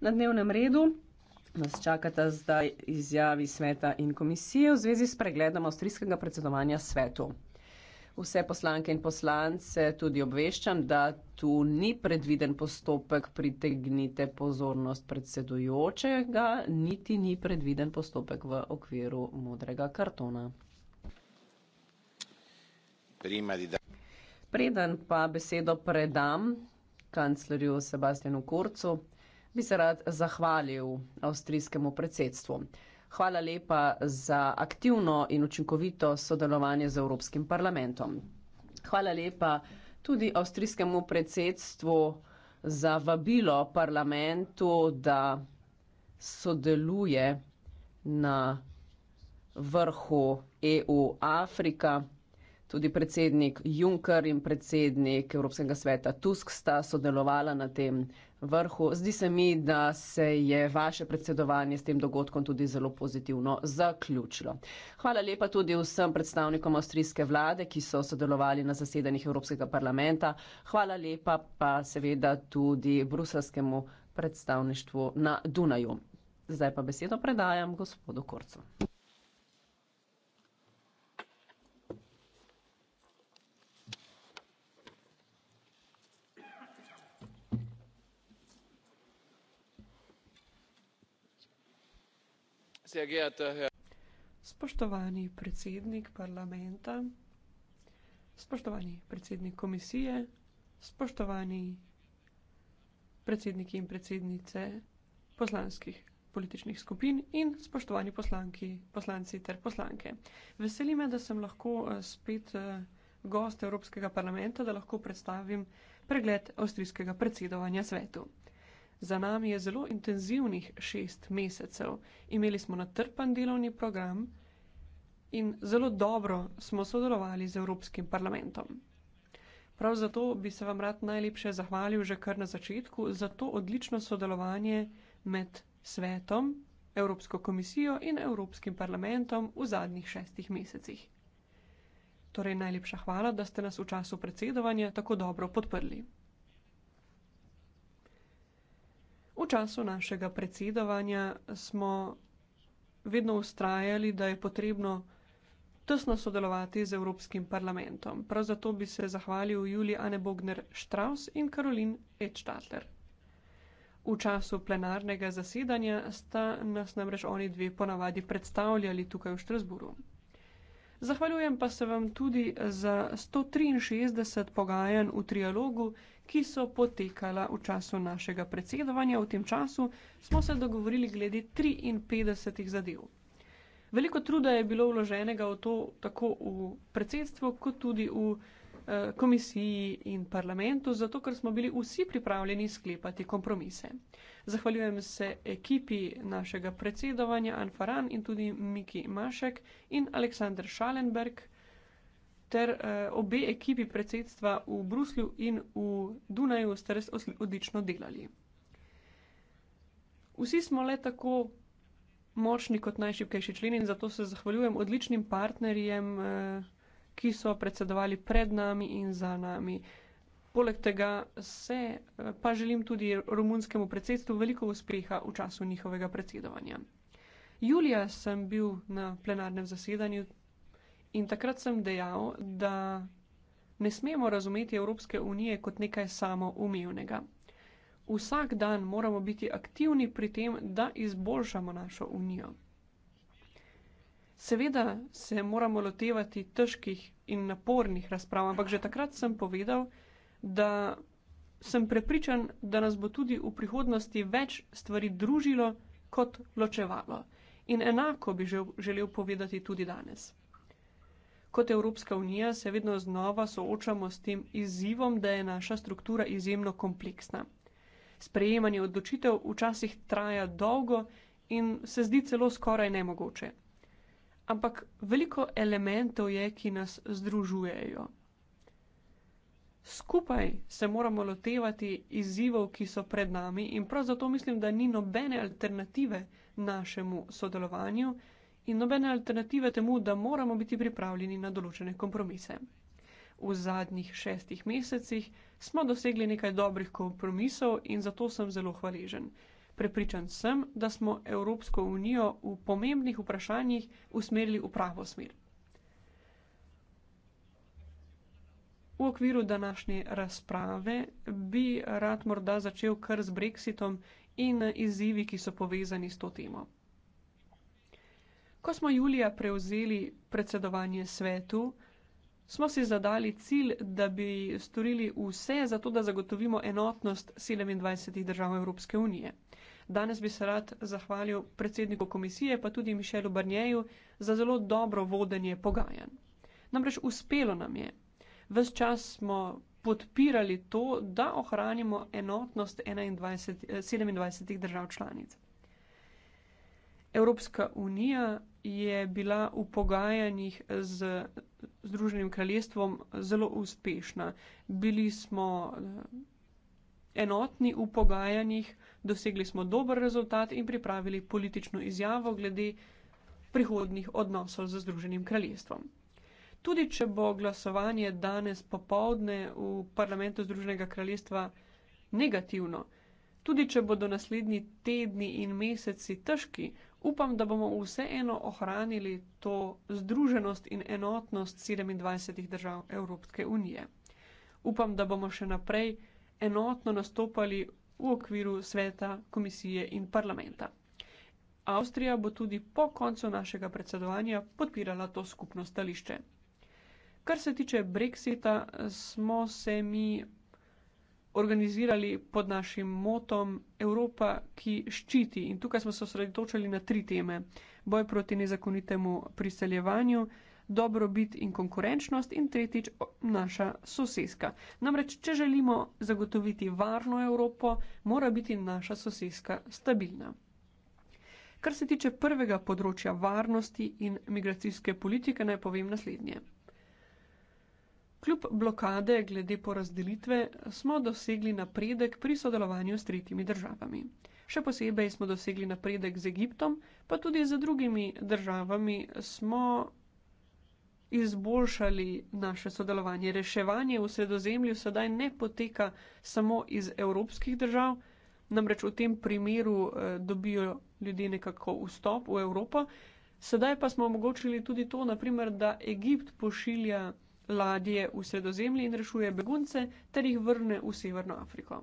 Na dnevnem redu nas čakata zdaj izjavi sveta in komisije v zvezi s pregledom avstrijskega predsedovanja svetu. Vse poslanke in poslance tudi obveščam, da tu ni predviden postopek pritegnite pozornost predsedujočega, niti ni predviden postopek v okviru modrega kartona. Preden pa besedo predam kanclerju Sebastianu Korcu, bi se rad zahvalil avstrijskemu predsedstvu. Hvala lepa za aktivno in učinkovito sodelovanje z Evropskim parlamentom. Hvala lepa tudi avstrijskemu predsedstvu za vabilo parlamentu, da sodeluje na vrhu EU-Afrika. Tudi predsednik Juncker in predsednik Evropskega sveta Tusk sta sodelovala na tem vrhu. Zdi se mi, da se je vaše predsedovanje s tem dogodkom tudi zelo pozitivno zaključilo. Hvala lepa tudi vsem predstavnikom avstrijske vlade, ki so sodelovali na zasedanjih Evropskega parlamenta. Hvala lepa pa seveda tudi bruselskemu predstavništvu na Dunaju. Zdaj pa besedo predajam gospodu Korcu. sehr geehrter Herr. Spoštovani predsednik parlamenta, spoštovani predsednik komisije, spoštovani predsedniki in predsednice poslanskih političnih skupin in spoštovani poslanki, poslanci ter poslanke. Veseli me, da sem lahko eh, spet eh, gost Evropskega parlamenta, da lahko predstavim pregled avstrijskega predsedovanja svetu. Za nami je zelo intenzivnih šest mesecev. Imeli smo natrpan delovni program in zelo dobro smo sodelovali z Evropskim parlamentom. Prav zato bi se vam rad najlepše zahvalil že kar na začetku za to odlično sodelovanje med svetom, Evropsko komisijo in Evropskim parlamentom v zadnjih šestih mesecih. Torej najlepša hvala, da ste nas v času predsedovanja tako dobro podprli. V času našega predsedovanja smo vedno ustrajali, da je potrebno tesno sodelovati z Evropskim parlamentom. Prav zato bi se zahvalil Juli Anne Bogner Strauss in Karolin Edstadler. V času plenarnega zasedanja sta nas namreč oni dve ponavadi predstavljali tukaj v Štrasburu. Zahvaljujem pa se vam tudi za 163 pogajanj v trialogu, ki so potekala v času našega predsedovanja. V tem času smo se dogovorili glede 53 zadev. Veliko truda je bilo vloženega v to, tako v predsedstvo, kot tudi v eh, komisiji in parlamentu, zato ker smo bili vsi pripravljeni sklepati kompromise. Zahvaljujem se ekipi našega predsedovanja Anfaran in tudi Miki Mašek in Aleksandr Šalenberg ter uh, obe ekipi predsedstva v Bruslju in v Dunaju ste res odlično delali. Vsi smo le tako močni kot najšipkejši člen in zato se zahvaljujem odličnim partnerjem, uh, ki so predsedovali pred nami in za nami. Poleg tega se uh, pa želim tudi romunskemu predsedstvu veliko uspeha v času njihovega predsedovanja. Julija sem bil na plenarnem zasedanju In takrat sem dejal, da ne smemo razumeti Evropske unije kot nekaj samoumevnega. Vsak dan moramo biti aktivni pri tem, da izboljšamo našo unijo. Seveda se moramo lotevati težkih in napornih razprav, ampak že takrat sem povedal, da sem prepričan, da nas bo tudi v prihodnosti več stvari družilo kot ločevalo. In enako bi želel povedati tudi danes kot Evropska unija se vedno znova soočamo s tem izzivom, da je naša struktura izjemno kompleksna. Sprejemanje odločitev včasih traja dolgo in se zdi celo skoraj nemogoče. Ampak veliko elementov je, ki nas združujejo. Skupaj se moramo lotevati izzivov, ki so pred nami, in prav zato mislim, da ni nobene alternative našemu sodelovanju, in nobene alternative temu, da moramo biti pripravljeni na določene kompromise. V zadnjih šestih mesecih smo dosegli nekaj dobrih kompromisov in zato sem zelo hvaležen. Prepričan sem, da smo Evropsko unijo v pomembnih vprašanjih usmerili v pravo smer. V okviru današnje razprave bi rad morda začel kar z brexitom in izzivi, ki so povezani s to temo. Ko smo julija prevzeli predsedovanje svetu, smo si zadali cilj, da bi storili vse za to, da zagotovimo enotnost 27 držav Evropske unije. Danes bi se rad zahvalil predsedniku komisije, pa tudi Mišelu Barnjeju, za zelo dobro vodenje pogajanj. Namreč uspelo nam je. Ves čas smo podpirali to, da ohranimo enotnost 21, 27 eh, držav članic. Evropska unija je bila v pogajanjih z Združenim kraljestvom zelo uspešna. Bili smo eh, enotni v pogajanjih, dosegli smo dober rezultat in pripravili politično izjavo glede prihodnih odnosov z Združenim kraljestvom. Tudi če bo glasovanje danes popovdne v parlamentu Združenega kraljestva negativno, tudi če bodo naslednji tedni in meseci težki, Upam, da bomo vseeno ohranili to združenost in enotnost 27 držav Evropske unije. Upam, da bomo še naprej enotno nastopali v okviru sveta, komisije in parlamenta. Avstrija bo tudi po koncu našega predsedovanja podpirala to skupno stališče. Kar se tiče Brexita, smo se mi organizirali pod našim motom Evropa, ki ščiti. In tukaj smo se osredotočili na tri teme. Boj proti nezakonitemu priseljevanju, dobrobit in konkurenčnost in tretjič naša soseska. Namreč, če želimo zagotoviti varno Evropo, mora biti naša soseska stabilna. Kar se tiče prvega področja varnosti in migracijske politike, naj povem naslednje. Kljub blokade glede porazdelitve smo dosegli napredek pri sodelovanju s tretjimi državami. Še posebej smo dosegli napredek z Egiptom, pa tudi z drugimi državami smo izboljšali naše sodelovanje. Reševanje v sredozemlju sedaj ne poteka samo iz evropskih držav, namreč v tem primeru eh, dobijo ljudje nekako vstop v Evropo. Sedaj pa smo omogočili tudi to, naprimer, da Egipt pošilja ladje v sredozemlji in rešuje begunce ter jih vrne v Severno Afriko.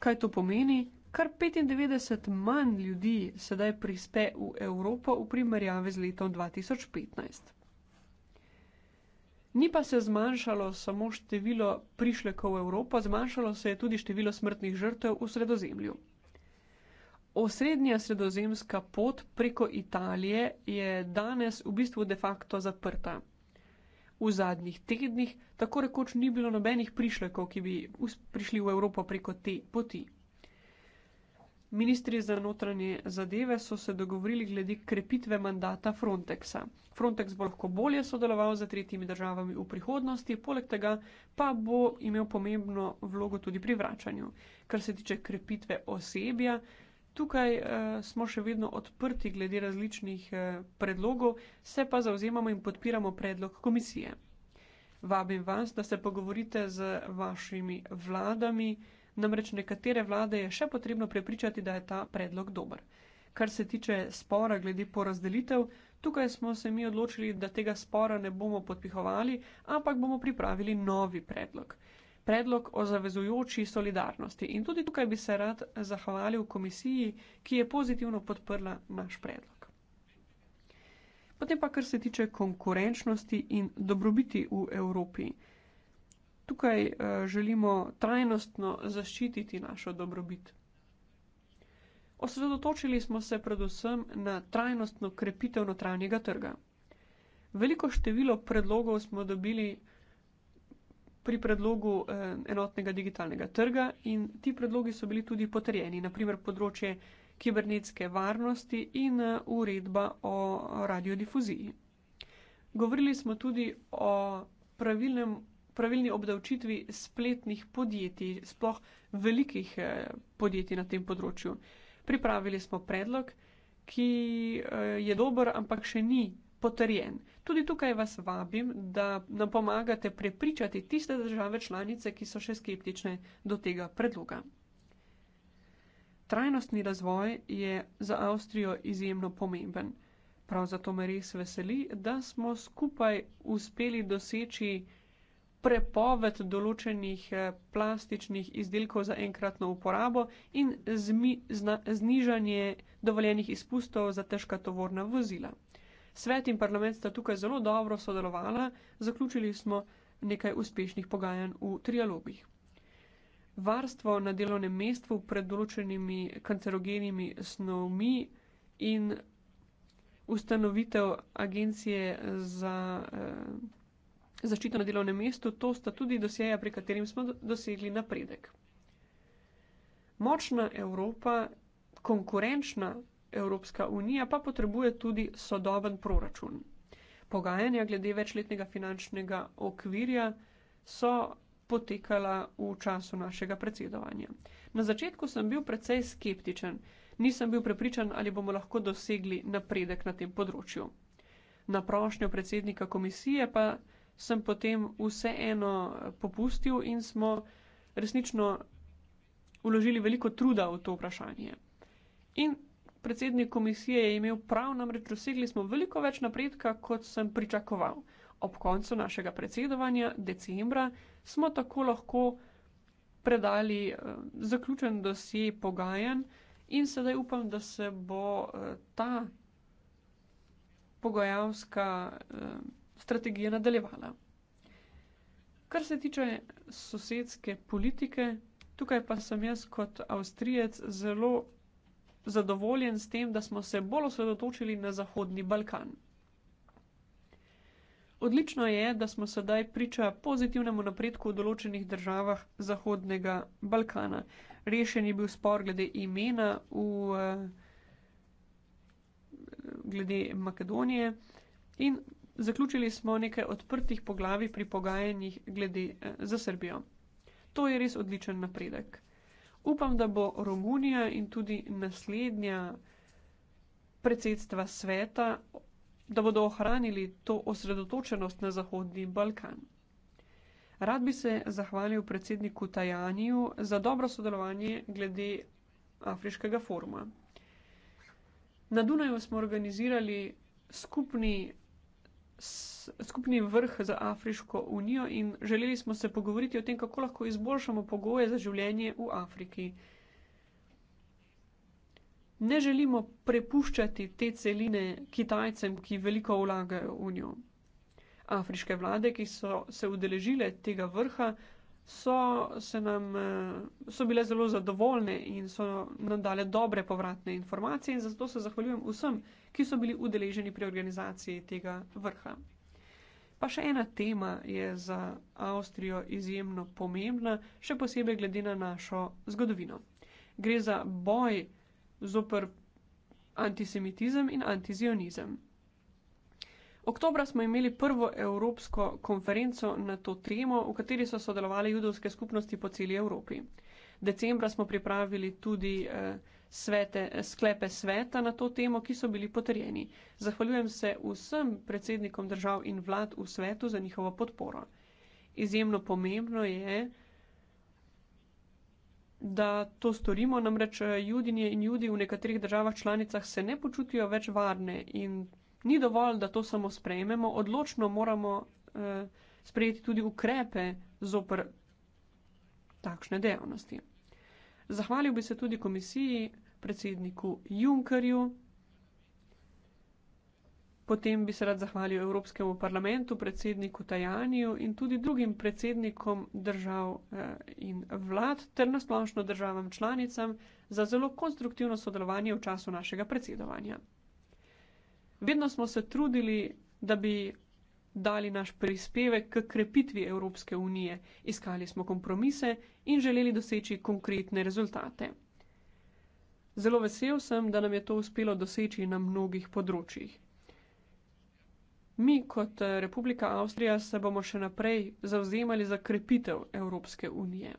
Kaj to pomeni? Kar 95 manj ljudi sedaj prispe v Evropo v primerjavi z letom 2015. Ni pa se zmanjšalo samo število prišlekov v Evropo, zmanjšalo se je tudi število smrtnih žrtev v sredozemlju. Osrednja sredozemska pot preko Italije je danes v bistvu de facto zaprta v zadnjih tednih tako rekoč ni bilo nobenih prišlekov, ki bi prišli v Evropo preko te poti. Ministri za notranje zadeve so se dogovorili glede krepitve mandata Frontexa. Frontex bo lahko bolje sodeloval z tretjimi državami v prihodnosti, poleg tega pa bo imel pomembno vlogo tudi pri vračanju. Kar se tiče krepitve osebja, Tukaj uh, smo še vedno odprti glede različnih uh, predlogov, se pa zauzemamo in podpiramo predlog komisije. Vabim vas, da se pogovorite z vašimi vladami, namreč nekatere vlade je še potrebno prepričati, da je ta predlog dober. Kar se tiče spora glede porazdelitev, tukaj smo se mi odločili, da tega spora ne bomo podpihovali, ampak bomo pripravili novi predlog predlog o zavezujoči solidarnosti. In tudi tukaj bi se rad zahvalil komisiji, ki je pozitivno podprla naš predlog. Potem pa, kar se tiče konkurenčnosti in dobrobiti v Evropi. Tukaj eh, želimo trajnostno zaščititi našo dobrobit. Osredotočili smo se predvsem na trajnostno krepitev notranjega trga. Veliko število predlogov smo dobili pri predlogu eh, enotnega digitalnega trga in ti predlogi so bili tudi potrjeni, naprimer področje kibernetske varnosti in eh, uredba o radiodifuziji. Govorili smo tudi o pravilnem, pravilni obdavčitvi spletnih podjetij, sploh velikih eh, podjetij na tem področju. Pripravili smo predlog, ki je dober, ampak še ni potrjen. Tudi tukaj vas vabim, da nam pomagate prepričati tiste države članice, ki so še skeptične do tega predloga. Trajnostni razvoj je za Avstrijo izjemno pomemben. Prav zato me res veseli, da smo skupaj uspeli doseči prepoved določenih eh, plastičnih izdelkov za enkratno uporabo in zmi, zna, znižanje dovoljenih izpustov za težka tovorna vozila. Svet in parlament sta tukaj zelo dobro sodelovala, zaključili smo nekaj uspešnih pogajanj v trialogih. Varstvo na delovnem mestu pred določenimi kancerogenimi snovmi in ustanovitev agencije za eh, zaščito na delovnem mestu, to sta tudi dosjeja, pri katerim smo dosegli napredek. Močna Evropa, konkurenčna Evropska unija pa potrebuje tudi sodoben proračun. Pogajanja glede večletnega finančnega okvirja so potekala v času našega predsedovanja. Na začetku sem bil precej skeptičen, nisem bil prepričan, ali bomo lahko dosegli napredek na tem področju. Na prošnjo predsednika komisije pa sem potem vseeno popustil in smo resnično uložili veliko truda v to vprašanje. In predsednik komisije je imel prav, namreč dosegli smo veliko več napredka, kot sem pričakoval. Ob koncu našega predsedovanja, decembra, smo tako lahko predali eh, zaključen dosje pogajanj in sedaj upam, da se bo eh, ta pogajalska eh, strategija nadaljevala. Kar se tiče sosedske politike, tukaj pa sem jaz kot avstrijec zelo zadovoljen s tem, da smo se bolj osredotočili na Zahodni Balkan. Odlično je, da smo sedaj priča pozitivnemu napredku v določenih državah Zahodnega Balkana. Rešen je bil spor glede imena v eh, glede Makedonije in zaključili smo nekaj odprtih poglavi pri pogajanjih glede eh, za Srbijo. To je res odličen napredek upam, da bo Romunija in tudi naslednja predsedstva sveta, da bodo ohranili to osredotočenost na Zahodni Balkan. Rad bi se zahvalil predsedniku Tajaniju za dobro sodelovanje glede afriškega foruma. Na Dunaju smo organizirali skupni skupni vrh za Afriško unijo in želeli smo se pogovoriti o tem, kako lahko izboljšamo pogoje za življenje v Afriki. Ne želimo prepuščati te celine Kitajcem, ki veliko vlagajo v njo. Afriške vlade, ki so se udeležile tega vrha, so, nam, eh, so bile zelo zadovoljne in so nam dale dobre povratne informacije. In zato se zahvaljujem vsem, ki so bili udeleženi pri organizaciji tega vrha. Pa še ena tema je za Avstrijo izjemno pomembna, še posebej glede na našo zgodovino. Gre za boj zoper antisemitizem in antizionizem. Oktober smo imeli prvo evropsko konferenco na to temo, v kateri so sodelovali judovske skupnosti po celi Evropi. Decembra smo pripravili tudi eh, svete, sklepe sveta na to temo, ki so bili potrjeni. Zahvaljujem se vsem predsednikom držav in vlad v svetu za njihovo podporo. Izjemno pomembno je, da to storimo, namreč eh, judinje in judi v nekaterih državah članicah se ne počutijo več varne in ni dovolj, da to samo sprejmemo, odločno moramo eh, sprejeti tudi ukrepe zopr takšne dejavnosti. Zahvalil bi se tudi komisiji, predsedniku Junkerju, potem bi se rad zahvalil Evropskemu parlamentu, predsedniku Tajaniju in tudi drugim predsednikom držav eh, in vlad ter nasplošno državam članicam za zelo konstruktivno sodelovanje v času našega predsedovanja. Vedno smo se trudili, da bi dali naš prispevek k krepitvi Evropske unije. Iskali smo kompromise in želeli doseči konkretne rezultate. Zelo vesel sem, da nam je to uspelo doseči na mnogih področjih. Mi kot eh, Republika Avstrija se bomo še naprej zauzemali za krepitev Evropske unije.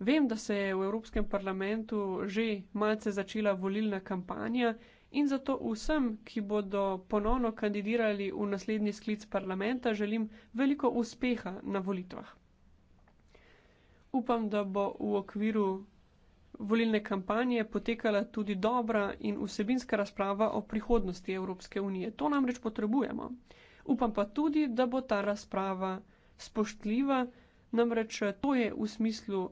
Vem, da se je v Evropskem parlamentu že malce začela volilna kampanja, in zato vsem, ki bodo ponovno kandidirali v naslednji sklic parlamenta, želim veliko uspeha na volitvah. Upam, da bo v okviru volilne kampanje potekala tudi dobra in vsebinska razprava o prihodnosti Evropske unije. To namreč potrebujemo. Upam pa tudi, da bo ta razprava spoštljiva, namreč to je v smislu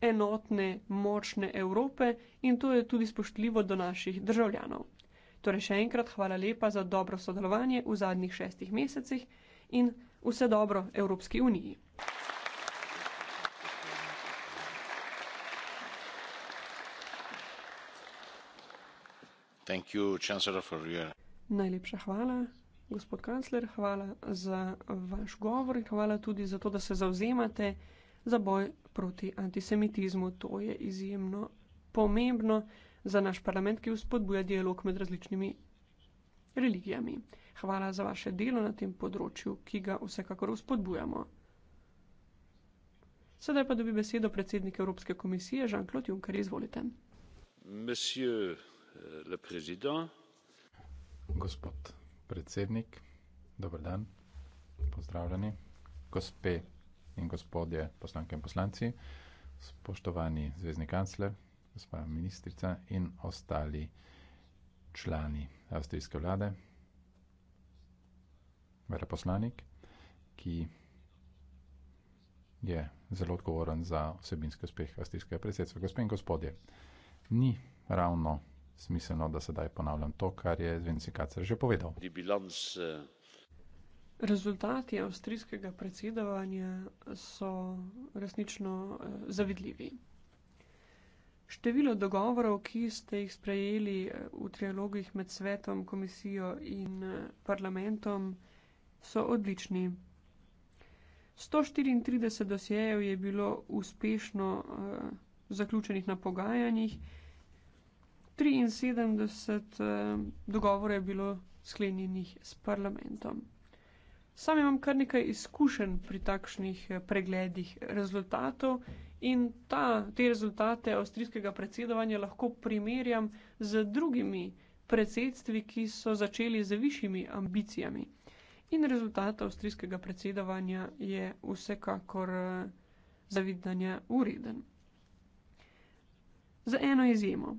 enotne, močne Evrope in to je tudi spoštljivo do naših državljanov. Torej še enkrat hvala lepa za dobro sodelovanje v zadnjih šestih mesecih in vse dobro Evropski uniji. You, your... Najlepša hvala, gospod kancler, hvala za vaš govor in hvala tudi za to, da se zauzemate za boj proti antisemitizmu. To je izjemno pomembno za naš parlament, ki vzpodbuja dialog med različnimi religijami. Hvala za vaše delo na tem področju, ki ga vsekakor vzpodbujamo. Sedaj pa dobi besedo predsednik Evropske komisije Jean-Claude Juncker. Izvolite. Monsieur eh, le président. Gospod predsednik, dober dan, pozdravljeni, gospe in gospodje poslanke in poslanci, spoštovani zvezdni kancler, gospa ministrica in ostali člani avstrijske vlade, veleposlanik, ki je zelo odgovoren za osebinski uspeh avstrijskega predsedstva. Gospe in gospodje, ni ravno smiselno, da sedaj ponavljam to, kar je Zvenci Kacer že povedal. Eh, Rezultati avstrijskega predsedovanja so resnično eh, zavidljivi. Število dogovorov, ki ste jih sprejeli eh, v trialogih med svetom, komisijo in eh, parlamentom, so odlični. 134 dosjejev je bilo uspešno uh, zaključenih na pogajanjih, 73 uh, dogovorov je bilo sklenjenih s parlamentom. Sam imam kar nekaj izkušenj pri takšnih pregledih rezultatov. In ta, te rezultate avstrijskega predsedovanja lahko primerjam z drugimi predsedstvi, ki so začeli z višjimi ambicijami. In rezultat avstrijskega predsedovanja je vsekakor eh, zavidanje ureden. Za eno izjemo,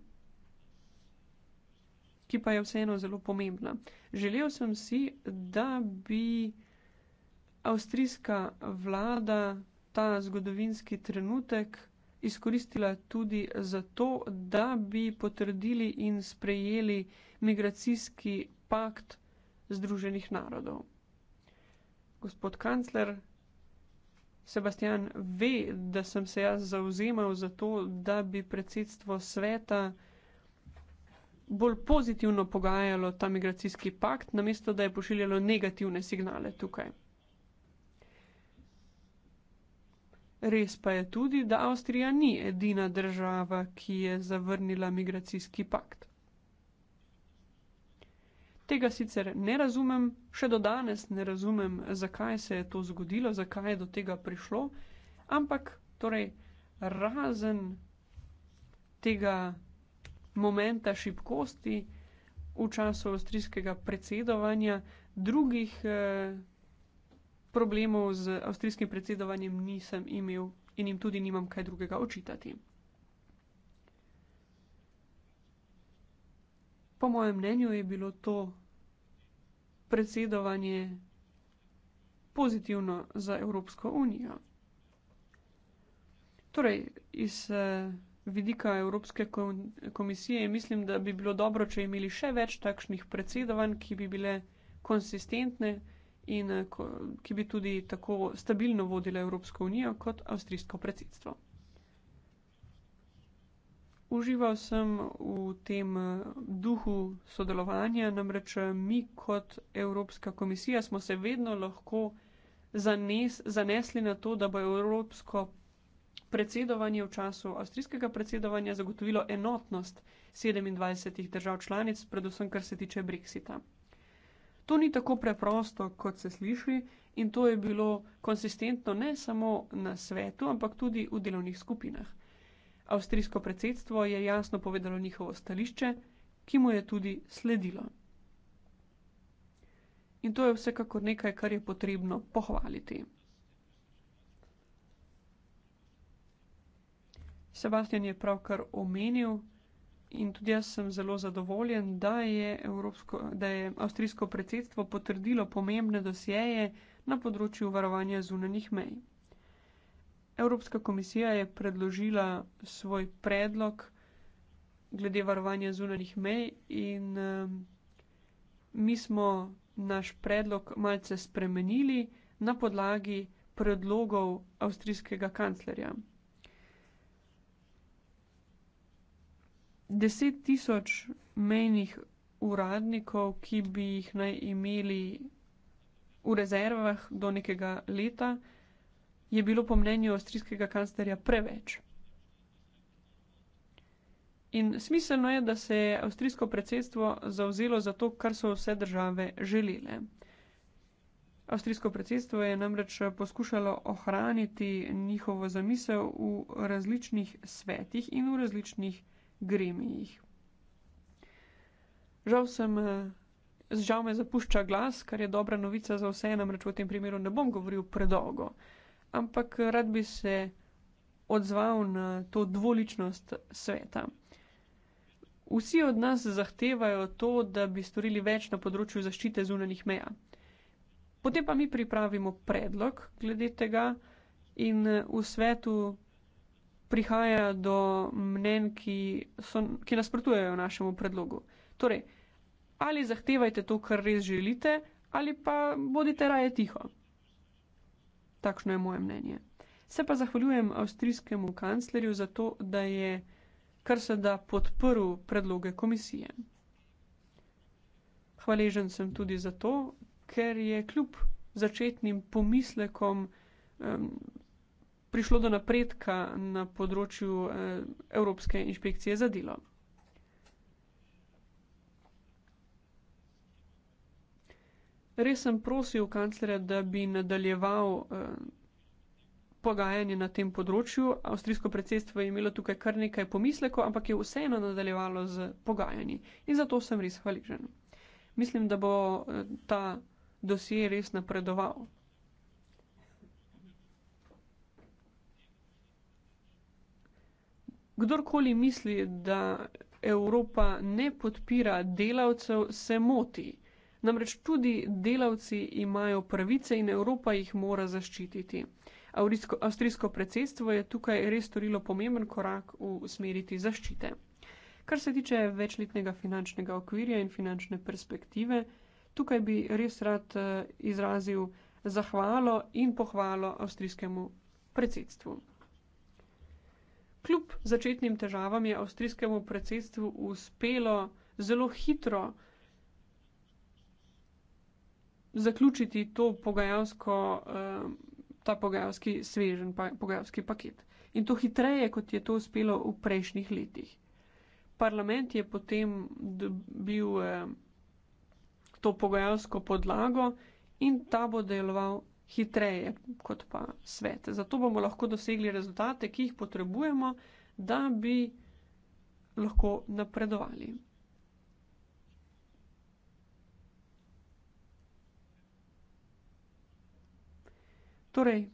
ki pa je vseeno zelo pomembna. Želel sem si, da bi avstrijska vlada ta zgodovinski trenutek izkoristila tudi za to, da bi potrdili in sprejeli migracijski pakt Združenih narodov. Gospod kancler, Sebastian ve, da sem se jaz zauzemal za to, da bi predsedstvo sveta bolj pozitivno pogajalo ta migracijski pakt, namesto da je pošiljalo negativne signale tukaj. Res pa je tudi, da Avstrija ni edina država, ki je zavrnila migracijski pakt. Tega sicer ne razumem, še do danes ne razumem, zakaj se je to zgodilo, zakaj je do tega prišlo, ampak torej, razen tega momenta šibkosti v času avstrijskega predsedovanja, drugih. Eh, problemov z avstrijskim predsedovanjem nisem imel in jim tudi nimam kaj drugega očitati. Po mojem mnenju je bilo to predsedovanje pozitivno za Evropsko unijo. Torej, iz eh, vidika Evropske komisije mislim, da bi bilo dobro, če imeli še več takšnih predsedovanj, ki bi bile konsistentne in eh, ki bi tudi tako stabilno vodila Evropsko unijo kot avstrijsko predsedstvo. Užival sem v tem eh, duhu sodelovanja, namreč eh, mi kot Evropska komisija smo se vedno lahko zanes, zanesli na to, da bo Evropsko predsedovanje v času avstrijskega predsedovanja zagotovilo enotnost 27 držav članic, predvsem kar se tiče Brexita. To ni tako preprosto, kot se sliši, in to je bilo konsistentno ne samo na svetu, ampak tudi v delovnih skupinah. Avstrijsko predsedstvo je jasno povedalo njihovo stališče, ki mu je tudi sledilo. In to je vsekakor nekaj, kar je potrebno pohvaliti. Sebastian je pravkar omenil, In tudi jaz sem zelo zadovoljen, da je, Evropsko, da je avstrijsko predsedstvo potrdilo pomembne dosjeje na področju varovanja zunanih mej. Evropska komisija je predložila svoj predlog glede varovanja zunanih mej in um, mi smo naš predlog malce spremenili na podlagi predlogov avstrijskega kanclerja. deset tisoč mejnih uradnikov, ki bi jih naj imeli v rezervah do nekega leta, je bilo po mnenju avstrijskega kanclerja preveč. In smiselno je, da se je avstrijsko predsedstvo zavzelo za to, kar so vse države želele. Avstrijsko predsedstvo je namreč poskušalo ohraniti njihovo zamisel v različnih svetih in v različnih gremijih. Žal, sem, eh, žal me zapušča glas, kar je dobra novica za vse, namreč v tem primeru ne bom govoril predolgo, ampak eh, rad bi se odzval na to dvoličnost sveta. Vsi od nas zahtevajo to, da bi storili več na področju zaščite zunanih meja. Potem pa mi pripravimo predlog glede tega in eh, v svetu prihaja do mnen, ki, so, ki nasprotujejo našemu predlogu. Torej, ali zahtevajte to, kar res želite, ali pa bodite raje tiho. Takšno je moje mnenje. Se pa zahvaljujem avstrijskemu kanclerju za to, da je kar se da podprl predloge komisije. Hvaležen sem tudi za to, ker je kljub začetnim pomislekom um, prišlo do napredka na področju eh, Evropske inšpekcije za delo. Res sem prosil kanclerja, da bi nadaljeval eh, pogajanje na tem področju. Avstrijsko predsedstvo je imelo tukaj kar nekaj pomislekov, ampak je vseeno nadaljevalo z pogajanji. In zato sem res hvaležen. Mislim, da bo eh, ta dosje res napredoval. Kdorkoli misli, da Evropa ne podpira delavcev, se moti. Namreč tudi delavci imajo pravice in Evropa jih mora zaščititi. Avrisko, avstrijsko predsedstvo je tukaj res storilo pomemben korak v smeriti zaščite. Kar se tiče večletnega finančnega okvirja in finančne perspektive, tukaj bi res rad eh, izrazil zahvalo in pohvalo avstrijskemu predsedstvu kljub začetnim težavam je avstrijskemu predsedstvu uspelo zelo hitro zaključiti to pogajalsko, eh, ta pogajalski svežen, pogajalski paket. In to hitreje, kot je to uspelo v prejšnjih letih. Parlament je potem dobil eh, to pogajalsko podlago in ta bo deloval hitreje kot pa svet. Zato bomo lahko dosegli rezultate, ki jih potrebujemo, da bi lahko napredovali. Torej,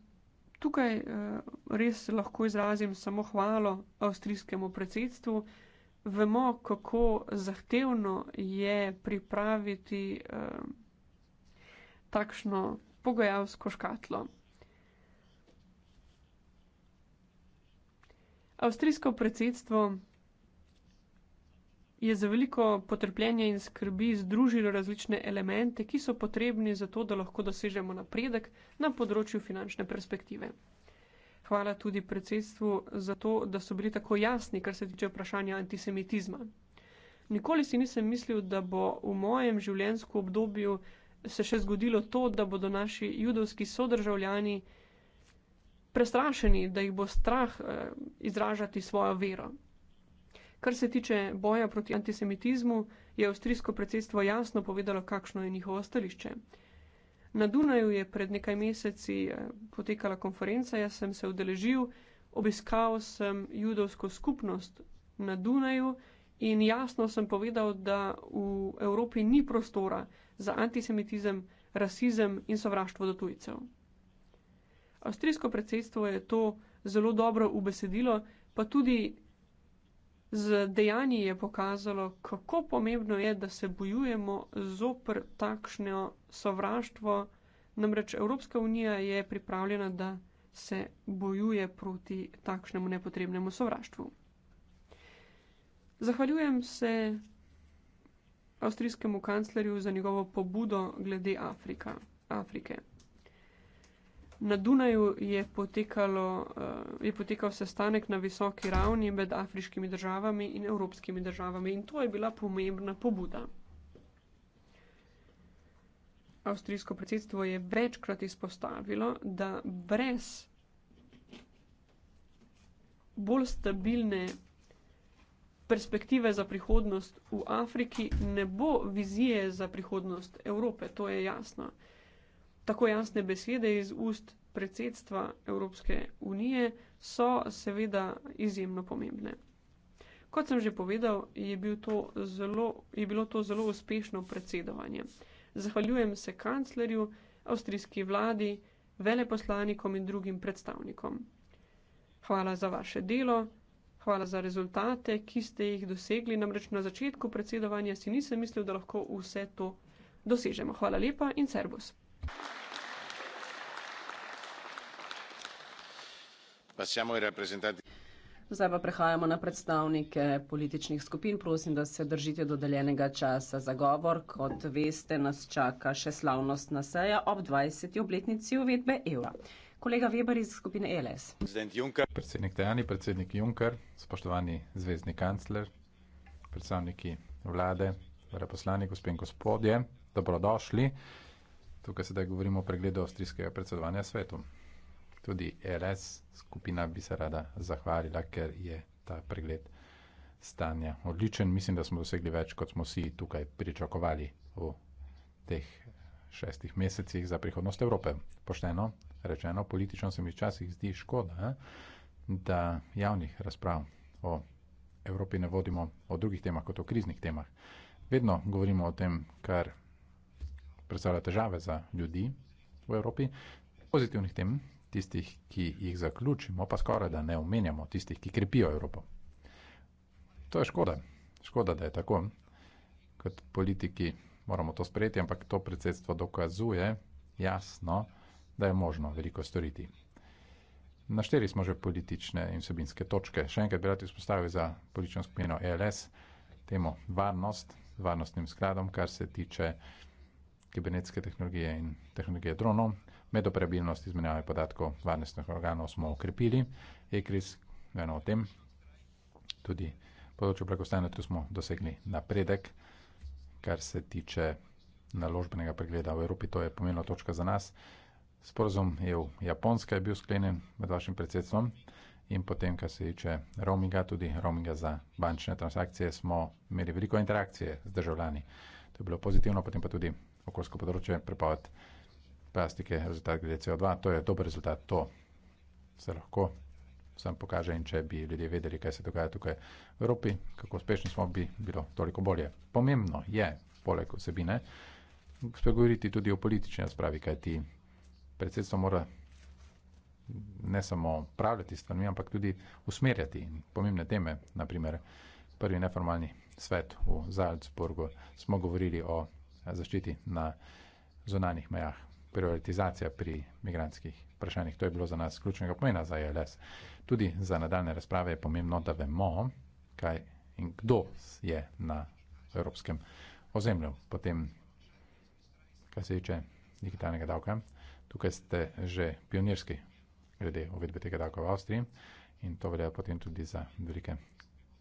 tukaj eh, res lahko izrazim samo hvalo avstrijskemu predsedstvu. Vemo, kako zahtevno je pripraviti eh, takšno pogajalsko škatlo. Avstrijsko predsedstvo je za veliko potrpljenja in skrbi združilo različne elemente, ki so potrebni za to, da lahko dosežemo napredek na področju finančne perspektive. Hvala tudi predsedstvu za to, da so bili tako jasni, kar se tiče vprašanja antisemitizma. Nikoli si nisem mislil, da bo v mojem življenjsko obdobju se še zgodilo to, da bodo naši judovski sodržavljani prestrašeni, da jih bo strah eh, izražati svojo vero. Kar se tiče boja proti antisemitizmu, je avstrijsko predsedstvo jasno povedalo, kakšno je njihovo stališče. Na Dunaju je pred nekaj meseci eh, potekala konferenca, jaz sem se udeležil, obiskal sem judovsko skupnost na Dunaju in jasno sem povedal, da v Evropi ni prostora, za antisemitizem, rasizem in sovraštvo do tujcev. Avstrijsko predsedstvo je to zelo dobro ubesedilo, pa tudi z dejanji je pokazalo, kako pomembno je, da se bojujemo zopr takšno sovraštvo. Namreč Evropska unija je pripravljena, da se bojuje proti takšnemu nepotrebnemu sovraštvu. Zahvaljujem se avstrijskemu kanclerju za njegovo pobudo glede Afrika, Afrike. Na Dunaju je, potekalo, uh, je potekal sestanek na visoki ravni med afriškimi državami in evropskimi državami, in to je bila pomembna pobuda. Avstrijsko predsedstvo je večkrat izpostavilo, da brez bolj stabilne perspektive za prihodnost v Afriki, ne bo vizije za prihodnost Evrope, to je jasno. Tako jasne besede iz ust predsedstva Evropske unije so seveda izjemno pomembne. Kot sem že povedal, je, bil to zelo, je bilo to zelo uspešno predsedovanje. Zahvaljujem se kanclerju, avstrijski vladi, veleposlanikom in drugim predstavnikom. Hvala za vaše delo. Hvala za rezultate, ki ste jih dosegli. Namreč na začetku predsedovanja si nisem mislil, da lahko vse to dosežemo. Hvala lepa in servus. Zdaj pa prehajamo na predstavnike političnih skupin. Prosim, da se držite dodeljenega časa za govor. Kot veste, nas čaka še slavnostna seja ob 20. obletnici uvedbe evra. Kolega Weber iz skupine ELS. Predsednik Tajani, predsednik Juncker, spoštovani zvezdni kancler, predstavniki vlade, veleposlani, gospe in gospodje, dobrodošli. Tukaj sedaj govorimo o pregledu avstrijskega predsedovanja svetu. Tudi ELS skupina bi se rada zahvalila, ker je ta pregled stanja odličen. Mislim, da smo dosegli več, kot smo vsi tukaj pričakovali v teh šestih mesecih za prihodnost Evrope. Pošteno rečeno, politično se mi včasih zdi škoda, da javnih razprav o Evropi ne vodimo o drugih temah kot o kriznih temah. Vedno govorimo o tem, kar predstavlja težave za ljudi v Evropi, pozitivnih tem, tistih, ki jih zaključimo, pa skoraj da ne omenjamo tistih, ki krepijo Evropo. To je škoda. Škoda, da je tako. Kot politiki moramo to sprejeti, ampak to predsedstvo dokazuje jasno, da je možno veliko storiti. Našteli smo že politične in vsebinske točke. Še enkrat bi rad izpostavil za politično skupino ELS temo varnost, varnostnim skladom, kar se tiče kibernetske tehnologije in tehnologije dronov. Medoperabilnost izmenjave podatkov varnostnih organov smo okrepili. ECRIS, eno o tem, tudi področju blagostanja, tu smo dosegli napredek kar se tiče naložbenega pregleda v Evropi. To je pomenila točka za nas. Sporozum EU-Japonska je bil sklenjen med vašim predsedstvom in potem, kar se tiče roaminga, tudi roaminga za bančne transakcije, smo imeli veliko interakcije z državljani. To je bilo pozitivno, potem pa tudi okoljsko področje, prepoved plastike, rezultat glede CO2. To je dober rezultat, to se lahko sam pokaže in če bi ljudje vedeli, kaj se dogaja tukaj v Evropi, kako uspešni smo, bi bilo toliko bolje. Pomembno je, poleg osebine, spregovoriti tudi o politični razpravi, kajti predsedstvo mora ne samo pravljati stvarmi, ampak tudi usmerjati pomembne teme, naprimer prvi neformalni svet v Zalcburgu, smo govorili o zaščiti na zonanih mejah, prioritizacija pri migranskih vprašanjih. To je bilo za nas ključnega pomena za ILS. E Tudi za nadaljne razprave je pomembno, da vemo, kaj in kdo je na evropskem ozemlju. Potem, kar se tiče digitalnega davka, tukaj ste že pionirski glede uvedbe tega davka v Avstriji in to velja potem tudi za velike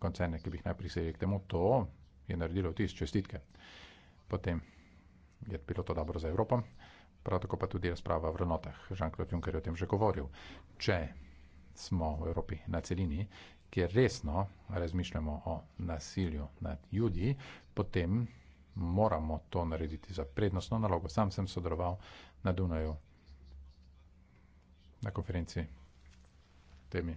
koncerne, ki bi jih najprej sedeli k temu. To je naredilo tisti čestitke. Potem je bilo to dobro za Evropo, prav tako pa tudi razprava o vrednotah. Žan Klot Juncker je o tem že govoril. Če smo v Evropi na celini, kjer resno razmišljamo o nasilju nad ljudi, potem moramo to narediti za prednostno nalogo. Sam sem sodeloval na Dunaju na konferenci temi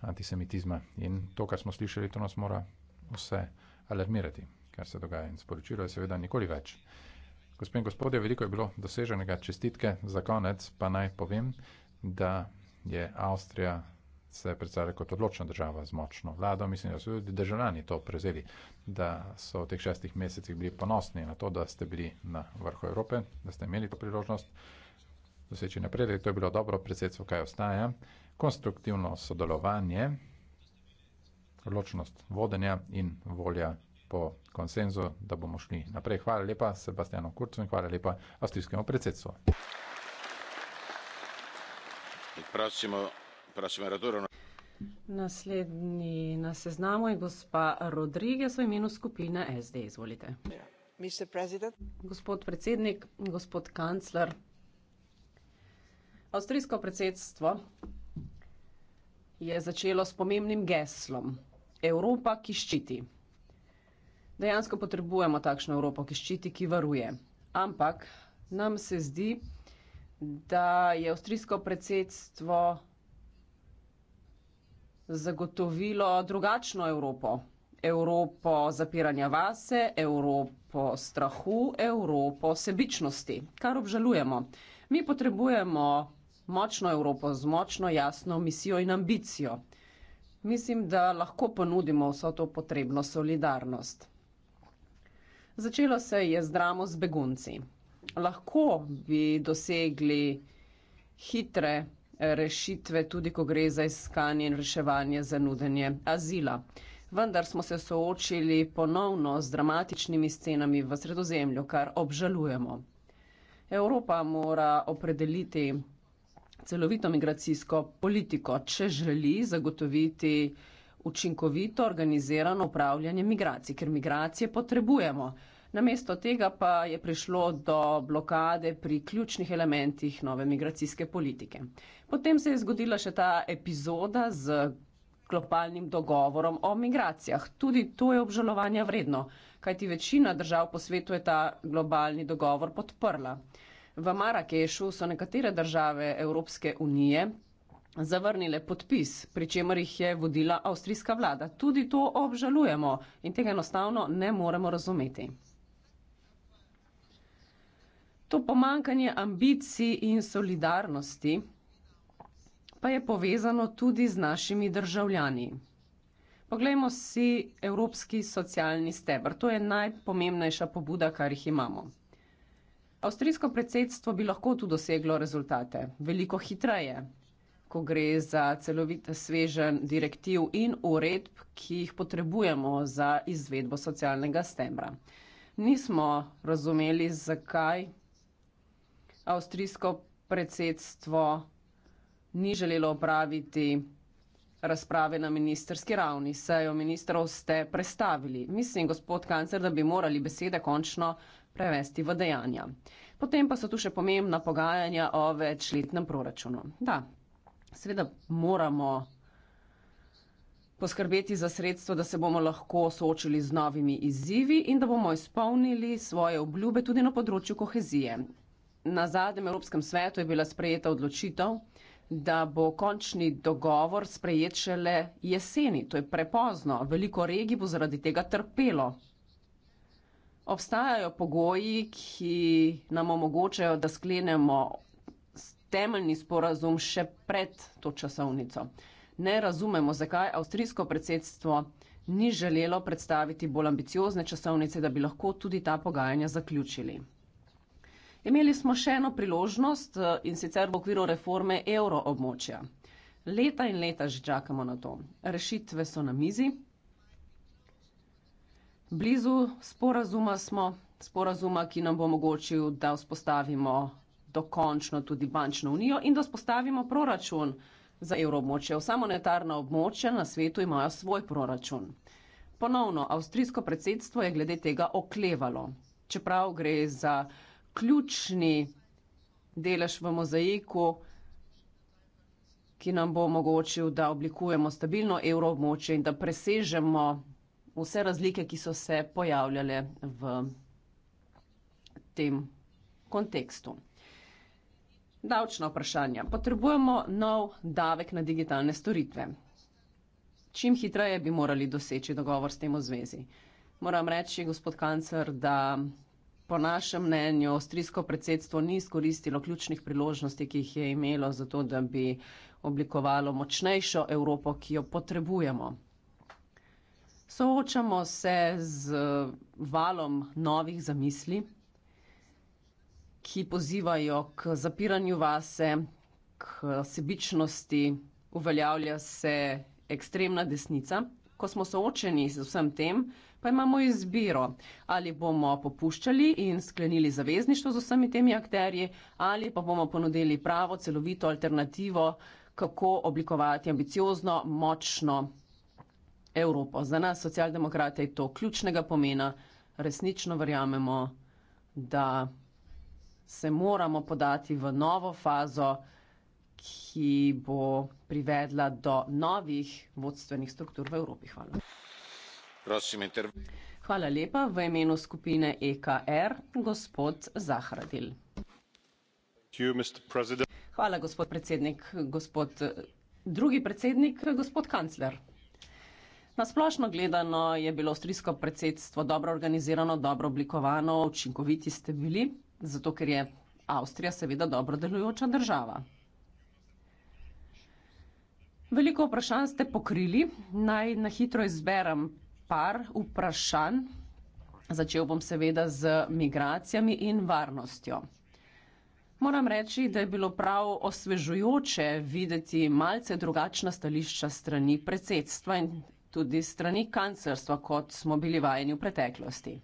antisemitizma in to, kar smo slišali, to nas mora vse alarmirati, kar se dogaja in sporočilo je seveda nikoli več. Gospod in gospodje, veliko je bilo doseženega čestitke, za konec pa naj povem, da je Avstrija se predstavlja kot odločna država z močno vlado. Mislim, da so tudi državljani to prezeli, da so v teh šestih mesecih bili ponosni na to, da ste bili na vrhu Evrope, da ste imeli to priložnost doseči napredek. To je bilo dobro predsedstvo, kaj ostaja. Konstruktivno sodelovanje, odločnost vodenja in volja po konsenzu, da bomo šli naprej. Hvala lepa Sebastianu Kurcu in hvala lepa avstrijskemu predsedstvu. Naslednji na seznamu je gospa Rodriguez v imenu skupine SD. Izvolite. Gospod predsednik, gospod kancler, avstrijsko predsedstvo je začelo s pomembnim geslom Evropa, ki ščiti. Dejansko potrebujemo takšno Evropo, ki ščiti, ki varuje. Ampak nam se zdi, da je avstrijsko predsedstvo zagotovilo drugačno Evropo. Evropo zapiranja vase, Evropo strahu, Evropo sebičnosti, kar obžalujemo. Mi potrebujemo močno Evropo z močno, jasno misijo in ambicijo. Mislim, da lahko ponudimo vso to potrebno solidarnost. Začelo se je z dramo z begunci lahko bi dosegli hitre rešitve, tudi ko gre za iskanje in reševanje za nudenje azila. Vendar smo se soočili ponovno z dramatičnimi scenami v sredozemlju, kar obžalujemo. Evropa mora opredeliti celovito migracijsko politiko, če želi zagotoviti učinkovito organizirano upravljanje migracij, ker migracije potrebujemo namesto tega pa je prišlo do blokade pri ključnih elementih nove migracijske politike. Potem se je zgodila še ta epizoda z globalnim dogovorom o migracijah. Tudi to je obžalovanja vredno, kajti večina držav po svetu je ta globalni dogovor podprla. V Marakešu so nekatere države Evropske unije zavrnile podpis, pri čemer jih je vodila avstrijska vlada. Tudi to obžalujemo in tega enostavno ne moremo razumeti. To pomankanje ambicij in solidarnosti pa je povezano tudi z našimi državljani. Poglejmo si Evropski socialni stebr. To je najpomembnejša pobuda, kar jih imamo. Avstrijsko predsedstvo bi lahko tu doseglo rezultate, veliko hitreje, ko gre za celovite svežen direktiv in uredb, ki jih potrebujemo za izvedbo socialnega stebra. Nismo razumeli, zakaj avstrijsko predsedstvo ni želelo opraviti razprave na ministerski ravni, sejo ministrov ste prestavili. Mislim, gospod kancer, da bi morali besede končno prevesti v dejanja. Potem pa so tu še pomembna pogajanja o večletnem proračunu. Da, seveda moramo poskrbeti za sredstvo, da se bomo lahko soočili z novimi izzivi in da bomo izpolnili svoje obljube tudi na področju kohezije. Na zadnjem Evropskem svetu je bila sprejeta odločitev, da bo končni dogovor sprejet šele jeseni. To je prepozno. Veliko regij bo zaradi tega trpelo. Obstajajo pogoji, ki nam omogočajo, da sklenemo temeljni sporazum še pred to časovnico. Ne razumemo, zakaj avstrijsko predsedstvo ni želelo predstaviti bolj ambiciozne časovnice, da bi lahko tudi ta pogajanja zaključili. Imeli smo še eno priložnost eh, in sicer v okviru reforme evroobmočja. Leta in leta že čakamo na to. Rešitve so na mizi. Blizu sporazuma smo, sporazuma, ki nam bo omogočil, da vzpostavimo dokončno tudi bančno unijo in da vzpostavimo proračun za evroobmočje. Vsa monetarna območja na svetu imajo svoj proračun. Ponovno, avstrijsko predsedstvo je glede tega oklevalo, čeprav gre za ključni delež v mozaiku, ki nam bo omogočil, da oblikujemo stabilno evroobmočje in da presežemo vse razlike, ki so se pojavljale v tem kontekstu. Davčna vprašanja. Potrebujemo nov davek na digitalne storitve. Čim hitreje bi morali doseči dogovor s tem v zvezi. Moram reči, gospod kancer, da po našem mnenju avstrijsko predsedstvo ni izkoristilo ključnih priložnosti, ki jih je imelo za to, da bi oblikovalo močnejšo Evropo, ki jo potrebujemo. Soočamo se z valom novih zamisli, ki pozivajo k zapiranju vase, k sebičnosti, uveljavlja se ekstremna desnica ko smo soočeni z vsem tem, pa imamo izbiro, ali bomo popuščali in sklenili zavezništvo z vsemi temi akterji, ali pa bomo ponudili pravo, celovito alternativo, kako oblikovati ambiciozno, močno Evropo. Za nas, socialdemokrate, je to ključnega pomena. Resnično verjamemo, da se moramo podati v novo fazo ki bo privedla do novih vodstvenih struktur v Evropi. Hvala. Prosim, Hvala lepa v imenu skupine EKR, gospod Zahradil. Hvala, gospod predsednik, gospod drugi predsednik, gospod kancler. Nasplošno gledano je bilo avstrijsko predsedstvo dobro organizirano, dobro oblikovano, učinkoviti ste bili, zato ker je Avstrija seveda dobro delujoča država. Veliko vprašanj ste pokrili, naj na hitro izberem par vprašanj. Začel bom seveda z migracijami in varnostjo. Moram reči, da je bilo prav osvežujoče videti malce drugačna stališča strani predsedstva in tudi strani kancerstva, kot smo bili vajeni v preteklosti.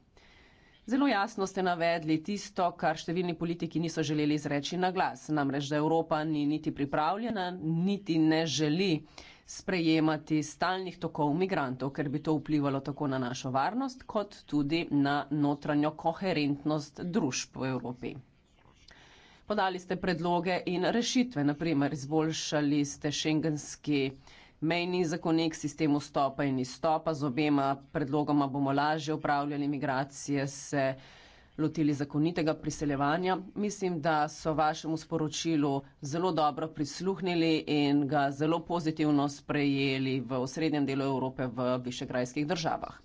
Zelo jasno ste navedli tisto, kar številni politiki niso želeli izreči na glas, namreč, da Evropa ni niti pripravljena, niti ne želi sprejemati stalnih tokov migrantov, ker bi to vplivalo tako na našo varnost, kot tudi na notranjo koherentnost družb v Evropi. Podali ste predloge in rešitve, naprimer, izboljšali ste šengenski. Mejni zakonik, sistem vstopa in izstopa, z obema predlogoma bomo lažje upravljali migracije, se lotili zakonitega priseljevanja. Mislim, da so vašemu sporočilu zelo dobro prisluhnili in ga zelo pozitivno sprejeli v osrednjem delu Evrope v višegrajskih državah.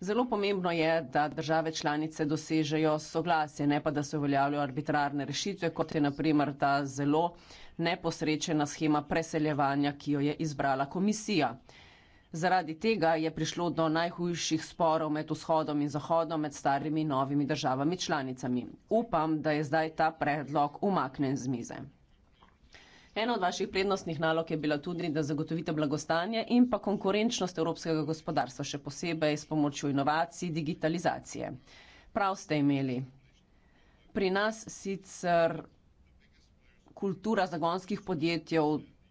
Zelo pomembno je, da države članice dosežejo soglasje, ne pa da se uveljavljajo arbitrarne rešitve, kot je naprimer ta zelo neposrečena schema preseljevanja, ki jo je izbrala komisija. Zaradi tega je prišlo do najhujših sporov med vzhodom in zahodom, med starimi in novimi državami članicami. Upam, da je zdaj ta predlog umaknen z mize. Ena od vaših prednostnih nalog je bila tudi, da zagotovite blagostanje in pa konkurenčnost evropskega gospodarstva, še posebej s pomočjo inovacij, digitalizacije. Prav ste imeli. Pri nas sicer kultura zagonskih podjetij,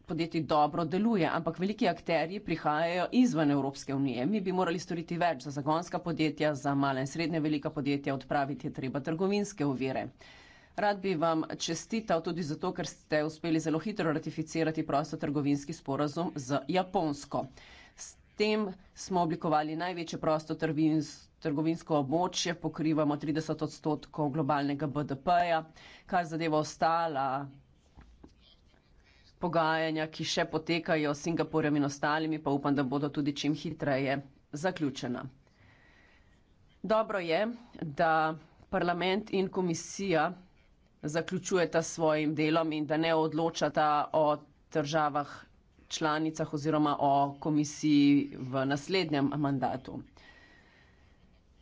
podjetij dobro deluje, ampak veliki akteri prihajajo izven Evropske unije. Mi bi morali storiti več za zagonska podjetja, za male in srednje velika podjetja, odpraviti je treba trgovinske uvire. Rad bi vam čestital tudi zato, ker ste uspeli zelo hitro ratificirati prostotrgovinski sporazum z Japonsko. S tem smo oblikovali največje prostotrgovinsko območje, pokrivamo 30 odstotkov globalnega BDP-ja, kar zadeva ostala pogajanja, ki še potekajo s Singapurjem in ostalimi, pa upam, da bodo tudi čim hitreje zaključena. Dobro je, da parlament in komisija zaključujeta s svojim delom in da ne odločata o državah članicah oziroma o komisiji v naslednjem mandatu.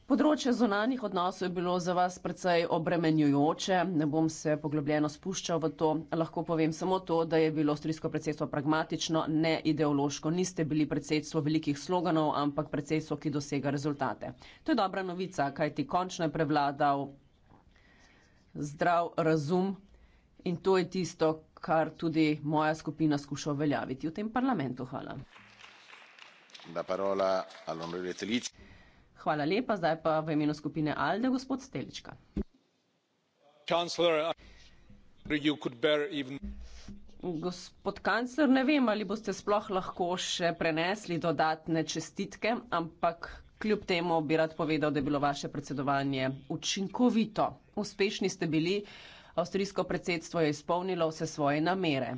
Področje zonanih odnosov je bilo za vas precej obremenjujoče, ne bom se poglobljeno spuščal v to, lahko povem samo to, da je bilo avstrijsko predsedstvo pragmatično, ne ideološko, niste bili predsedstvo velikih sloganov, ampak predsedstvo, ki dosega rezultate. To je dobra novica, kajti končno je prevladal zdrav razum in to je tisto, kar tudi moja skupina skuša uveljaviti v tem parlamentu. Hvala. Hvala lepa, zdaj pa v imenu skupine Alde, gospod Stelička. Gospod kancler, ne vem, ali boste sploh lahko še prenesli dodatne čestitke, ampak Kljub temu bi rad povedal, da je bilo vaše predsedovanje učinkovito. Uspešni ste bili, avstrijsko predsedstvo je izpolnilo vse svoje namere.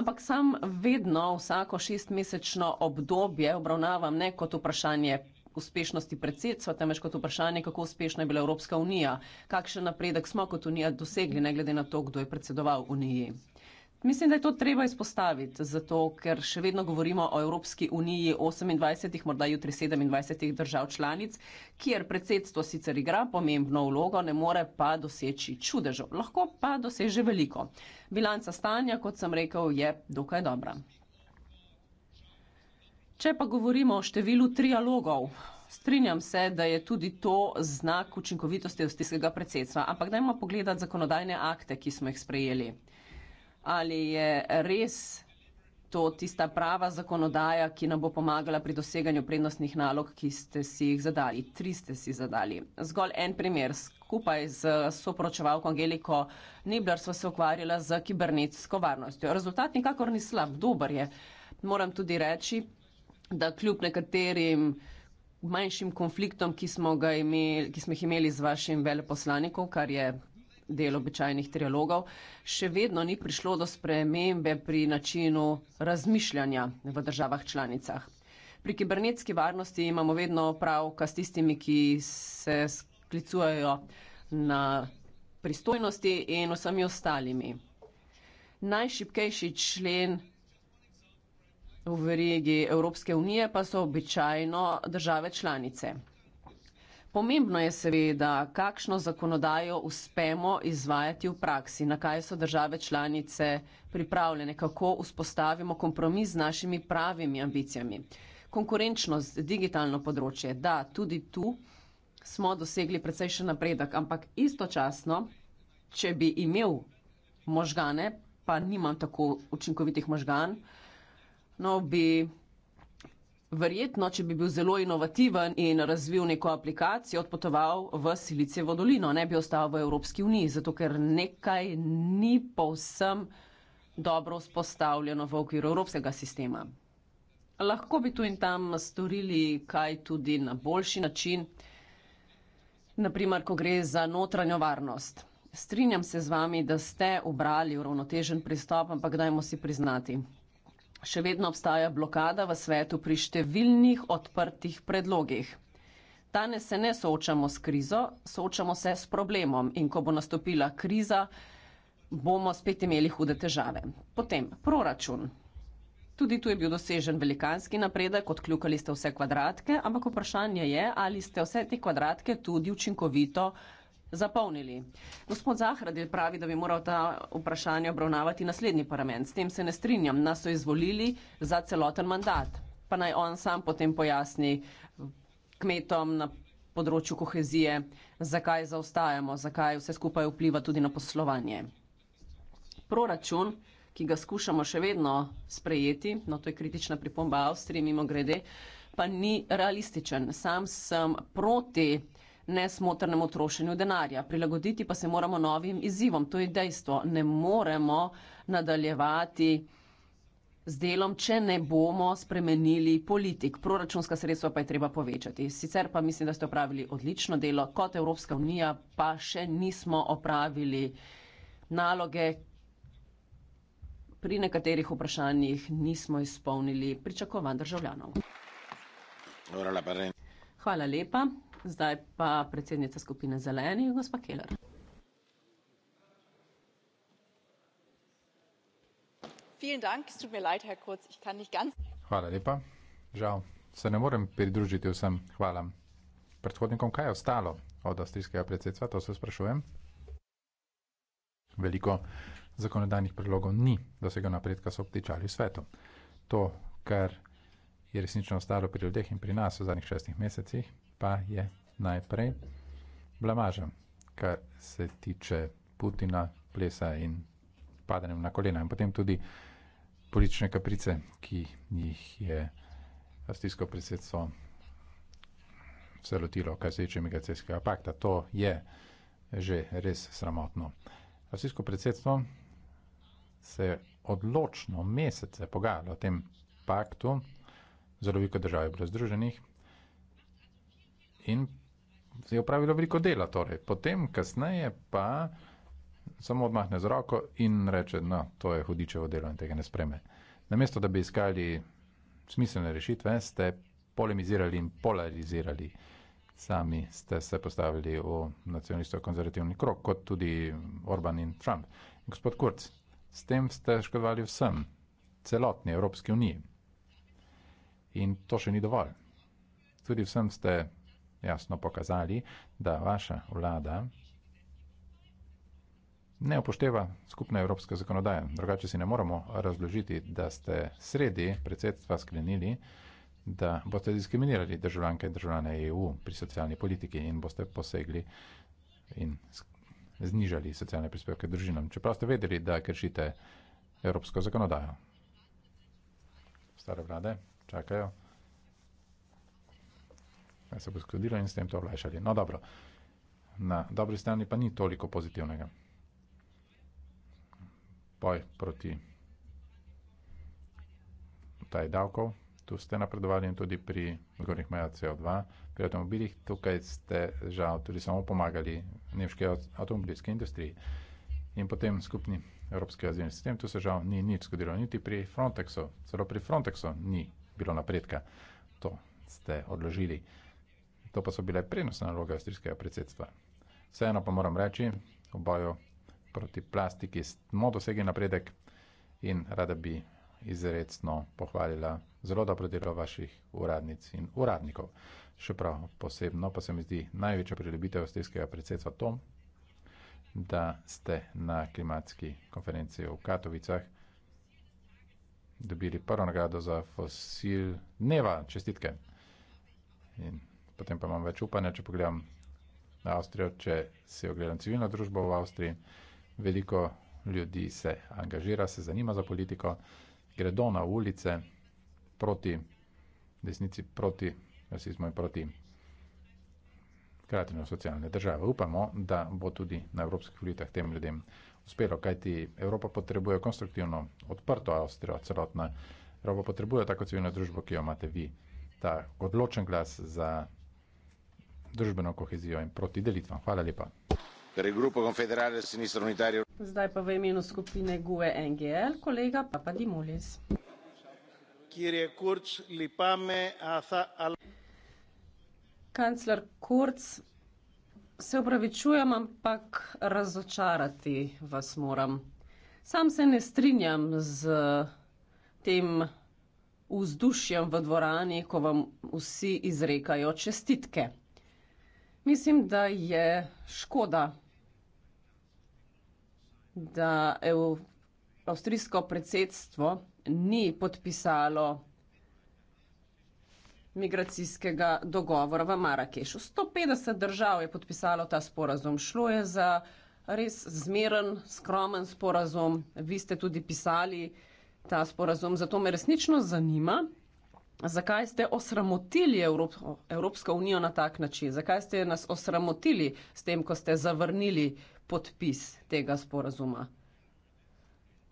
Ampak sam vedno vsako šestmesečno obdobje obravnavam ne kot vprašanje uspešnosti predsedstva, temveč kot vprašanje, kako uspešna je bila Evropska unija, kakšen napredek smo kot unija dosegli, ne glede na to, kdo je predsedoval uniji. Mislim, da je to treba izpostaviti, zato ker še vedno govorimo o Evropski uniji 28, morda jutri 27 držav članic, kjer predsedstvo sicer igra pomembno vlogo, ne more pa doseči čudežev, lahko pa doseže veliko. Bilanca stanja, kot sem rekel, je dokaj dobra. Če pa govorimo o številu trialogov, strinjam se, da je tudi to znak učinkovitosti avstrijskega predsedstva, ampak dajmo pogledati zakonodajne akte, ki smo jih sprejeli ali je res to tista prava zakonodaja, ki nam bo pomagala pri doseganju prednostnih nalog, ki ste si jih zadali. Tri ste si zadali. Zgolj en primer. Skupaj z soporočevalko Angeliko Nibler smo se ukvarjala z kibernetsko varnostjo. Rezultat nikakor ni slab, dober je. Moram tudi reči, da kljub nekaterim manjšim konfliktom, ki smo, imeli, ki smo jih imeli z vašim veleposlanikom, kar je del običajnih trialogov, še vedno ni prišlo do spremembe pri načinu razmišljanja v državah članicah. Pri kibernetski varnosti imamo vedno opravka s tistimi, ki se sklicujejo na pristojnosti in vsemi ostalimi. Najšipkejši člen v verigi Evropske unije pa so običajno države članice. Pomembno je seveda, kakšno zakonodajo uspemo izvajati v praksi, na kaj so države članice pripravljene, kako vzpostavimo kompromis z našimi pravimi ambicijami. Konkurenčnost, digitalno področje, da, tudi tu smo dosegli precejšen napredek, ampak istočasno, če bi imel možgane, pa nimam tako učinkovitih možgan, no bi verjetno, če bi bil zelo inovativen in razvil neko aplikacijo, odpotoval v Silicijevo dolino, ne bi ostal v Evropski uniji, zato ker nekaj ni povsem dobro vzpostavljeno v okviru evropskega sistema. Lahko bi tu in tam storili kaj tudi na boljši način, naprimer, ko gre za notranjo varnost. Strinjam se z vami, da ste obrali uravnotežen pristop, ampak dajmo si priznati, Še vedno obstaja blokada v svetu pri številnih odprtih predlogih. Danes se ne soočamo s krizo, soočamo se s problemom in ko bo nastopila kriza, bomo spet imeli hude težave. Potem proračun. Tudi tu je bil dosežen velikanski napredek, odkljukali ste vse kvadratke, ampak vprašanje je, ali ste vse te kvadratke tudi učinkovito zapolnili. Gospod Zahradil pravi, da bi moral ta vprašanje obravnavati naslednji parlament. S tem se ne strinjam. Nas so izvolili za celoten mandat. Pa naj on sam potem pojasni kmetom na področju kohezije, zakaj zaostajamo, zakaj vse skupaj vpliva tudi na poslovanje. Proračun, ki ga skušamo še vedno sprejeti, no to je kritična pripomba Avstrije, mimo grede, pa ni realističen. Sam sem proti nesmotrnemu trošenju denarja. Prilagoditi pa se moramo novim izzivom. To je dejstvo. Ne moremo nadaljevati z delom, če ne bomo spremenili politik. Proračunska sredstva pa je treba povečati. Sicer pa mislim, da ste opravili odlično delo. Kot Evropska unija pa še nismo opravili naloge. Pri nekaterih vprašanjih nismo izpolnili pričakovanj državljanov. Hvala lepa. Zdaj pa predsednica skupine Zeleni, gospa Keller. Hvala lepa. Žal se ne morem pridružiti vsem hvalam. Predhodnikom, kaj je ostalo od avstrijskega predsedstva, to se sprašujem. Veliko zakonodajnih predlogov ni dosegel napredka, so obtičali v svetu. To, kar je resnično ostalo pri ljudeh in pri nas v zadnjih šestih mesecih, pa je najprej blamažen, kar se tiče Putina, plesa in padanjem na kolena in potem tudi politične kaprice, ki jih je avstrijsko predsedstvo celotilo, kar se tiče migracijskega pakta. To je že res sramotno. Avstrijsko predsedstvo se je odločno mesece pogajalo o tem paktu, zelo veliko držav je bilo združenih, in je opravilo veliko dela. Torej. Potem, kasneje, pa samo odmahne z roko in reče, no, to je hudičevo delo in tega ne spreme. Namesto, da bi iskali smiselne rešitve, ste polemizirali in polarizirali. Sami ste se postavili v nacionalisto-konzervativni krok, kot tudi Orban in Trump. Gospod Kurz, s tem ste škodovali vsem, celotni Evropski uniji. In to še ni dovolj. Tudi vsem ste jasno pokazali, da vaša vlada ne upošteva skupne evropske zakonodaje. Drugače si ne moramo razložiti, da ste sredi predsedstva sklenili, da boste diskriminirali državljanke in državljane EU pri socialni politiki in boste posegli in znižali socialne prispevke družinam, čeprav ste vedeli, da kršite evropsko zakonodajo. Stare vlade čakajo. Ja, se bo zgodilo in s tem to vlašali. No, dobro, na dobri strani pa ni toliko pozitivnega. Boj proti taj davkov, tu ste napredovali in tudi pri zgornjih mejah CO2, pri avtomobilih, tukaj ste žal tudi samo pomagali nemške avtomobilske industrije in potem skupni evropski azilni sistem, tu se žal ni nič zgodilo, niti pri Frontexu, celo pri Frontexu ni bilo napredka, to ste odložili. To pa so bile prenosne naloge avstrijskega predsedstva. Vseeno pa moram reči, v boju proti plastiki smo dosegli napredek in rada bi izredno pohvalila zelo dobro delo vaših uradnic in uradnikov. Še prav posebno pa se mi zdi največja pridobitev avstrijskega predsedstva to, da ste na klimatski konferenci v Katovicah dobili prvo nagrado za fosil dneva. Čestitke! In potem pa imam več upanja, če pogledam na Avstrijo, če si ogledam civilno družbo v Avstriji, veliko ljudi se angažira, se zanima za politiko, gredo na ulice proti desnici, proti rasizmu in proti kratino socialne države. Upamo, da bo tudi na evropskih volitvah tem ljudem uspelo, kajti Evropa potrebuje konstruktivno odprto Avstrijo, celotna Evropa potrebuje tako civilno družbo, ki jo imate vi, ta odločen glas za družbeno kohezijo in proti delitvam. Hvala lepa. Zdaj pa v imenu skupine GUE NGL, kolega Papa Dimulis. Kancler Kurz, se upravičujem, ampak razočarati vas moram. Sam se ne strinjam z tem vzdušjem v dvorani, ko vam vsi izrekajo čestitke. Mislim, da je škoda, da EU, avstrijsko predsedstvo ni podpisalo migracijskega dogovora v Marakešu. 150 držav je podpisalo ta sporazum. Šlo je za res zmeren, skromen sporazum. Vi ste tudi pisali ta sporazum. Zato me resnično zanima, Zakaj ste osramotili Evrop Evropsko unijo na tak način? Zakaj ste nas osramotili s tem, ko ste zavrnili podpis tega sporazuma?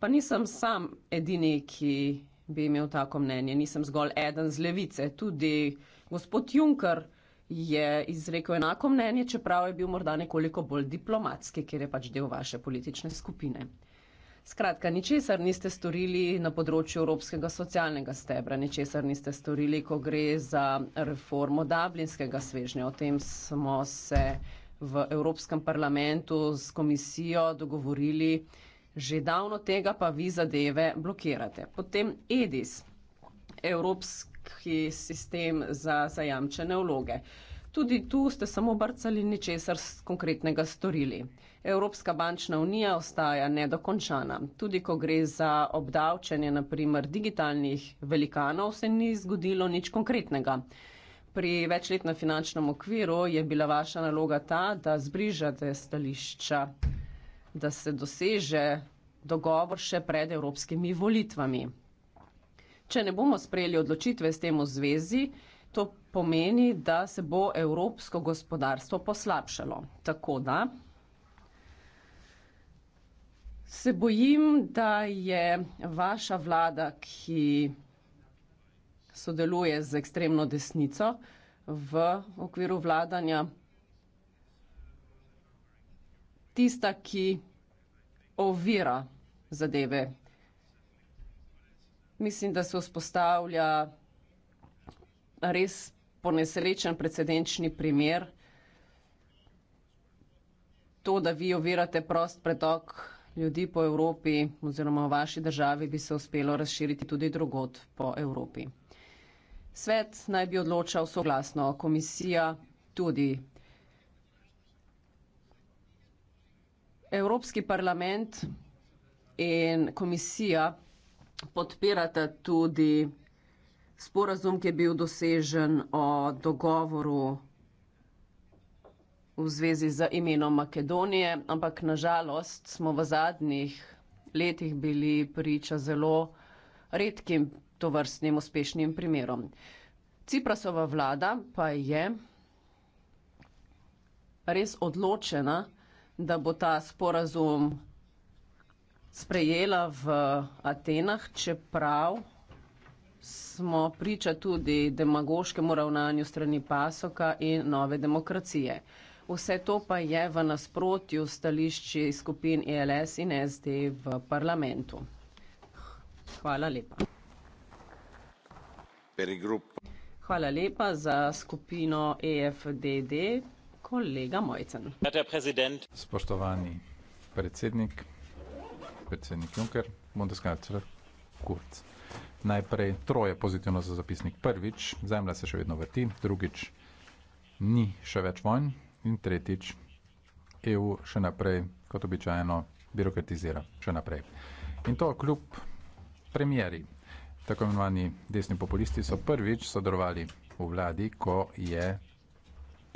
Pa nisem sam edini, ki bi imel tako mnenje. Nisem zgolj eden z levice. Tudi gospod Juncker je izrekel enako mnenje, čeprav je bil morda nekoliko bolj diplomatski, ker je pač del vaše politične skupine. Skratka, ničesar niste storili na področju Evropskega socialnega stebra, ničesar niste storili, ko gre za reformo Dablinskega svežnja. O tem smo se v Evropskem parlamentu s komisijo dogovorili že davno tega, pa vi zadeve blokirate. Potem EDIS, Evropski sistem za zajamčene vloge. Tudi tu ste samo brcali ničesar konkretnega storili. Evropska bančna unija ostaja nedokončana. Tudi ko gre za obdavčanje naprimer digitalnih velikanov, se ni zgodilo nič konkretnega. Pri večletnem finančnem okviru je bila vaša naloga ta, da zbližate stališča, da se doseže dogovor še pred evropskimi volitvami. Če ne bomo sprejeli odločitve s tem v zvezi, to pomeni, da se bo evropsko gospodarstvo poslabšalo. Tako da Se bojim, da je vaša vlada, ki sodeluje z ekstremno desnico v okviru vladanja, tista, ki ovira zadeve. Mislim, da se vzpostavlja res ponesrečen precedenčni primer. To, da vi ovirate prost pretok ljudi po Evropi oziroma v vaši državi bi se uspelo razširiti tudi drugot po Evropi. Svet naj bi odločal soglasno, komisija tudi. Evropski parlament in komisija podpirata tudi sporazum, ki je bil dosežen o dogovoru v zvezi z imenom Makedonije, ampak nažalost smo v zadnjih letih bili priča zelo redkim tovrstnim uspešnim primerom. Ciprasova vlada pa je res odločena, da bo ta sporazum sprejela v Atenah, čeprav smo priča tudi demagoškemu ravnanju strani Pasoka in nove demokracije. Vse to pa je v nasprotju stališči skupin ELS in SD v parlamentu. Hvala lepa. Hvala lepa za skupino EFDD, kolega Mojcen. Spoštovani predsednik, predsednik Juncker, Bundeskancler, Kurz. Najprej troje pozitivno za zapisnik. Prvič, zemlja se še vedno vrti, drugič, ni še več vojn, in tretjič, EU še naprej, kot običajno, birokratizira še naprej. In to kljub premjeri. Tako imenovani desni populisti so prvič sodelovali v vladi, ko je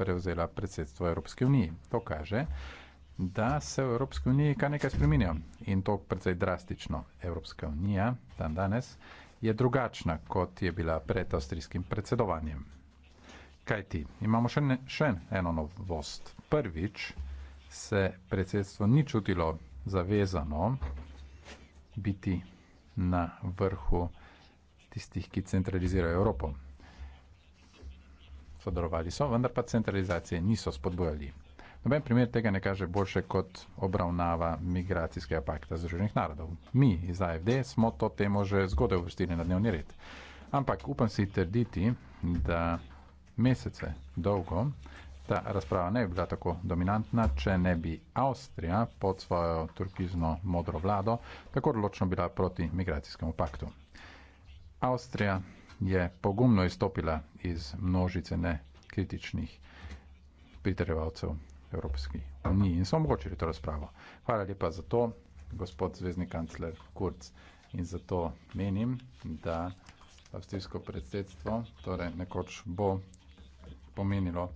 prevzela predsedstvo Evropske unije. To kaže, da se v Evropske unije kar nekaj spremenijo in to predvsej drastično. Evropska unija dan danes je drugačna, kot je bila pred avstrijskim predsedovanjem. Kaj ti? Imamo še, ne, še eno novost. Prvič se predsedstvo ni čutilo zavezano biti na vrhu tistih, ki centralizirajo Evropo. Sodelovali so, vendar pa centralizacije niso spodbojali. Noben primer tega ne kaže boljše kot obravnava migracijskega pakta Združenih narodov. Mi iz AFD smo to temo že zgodaj uvrstili na dnevni red. Ampak upam si trditi, da mesece dolgo, ta razprava ne bi bila tako dominantna, če ne bi Avstrija pod svojo turkizno modro vlado tako odločno bila proti migracijskemu paktu. Avstrija je pogumno izstopila iz množice nekritičnih pritrevalcev Evropski uniji in so omogočili to razpravo. Hvala lepa za to, gospod zvezdni kancler Kurz. In zato menim, da avstrijsko predsedstvo, torej nekoč bo pomenilo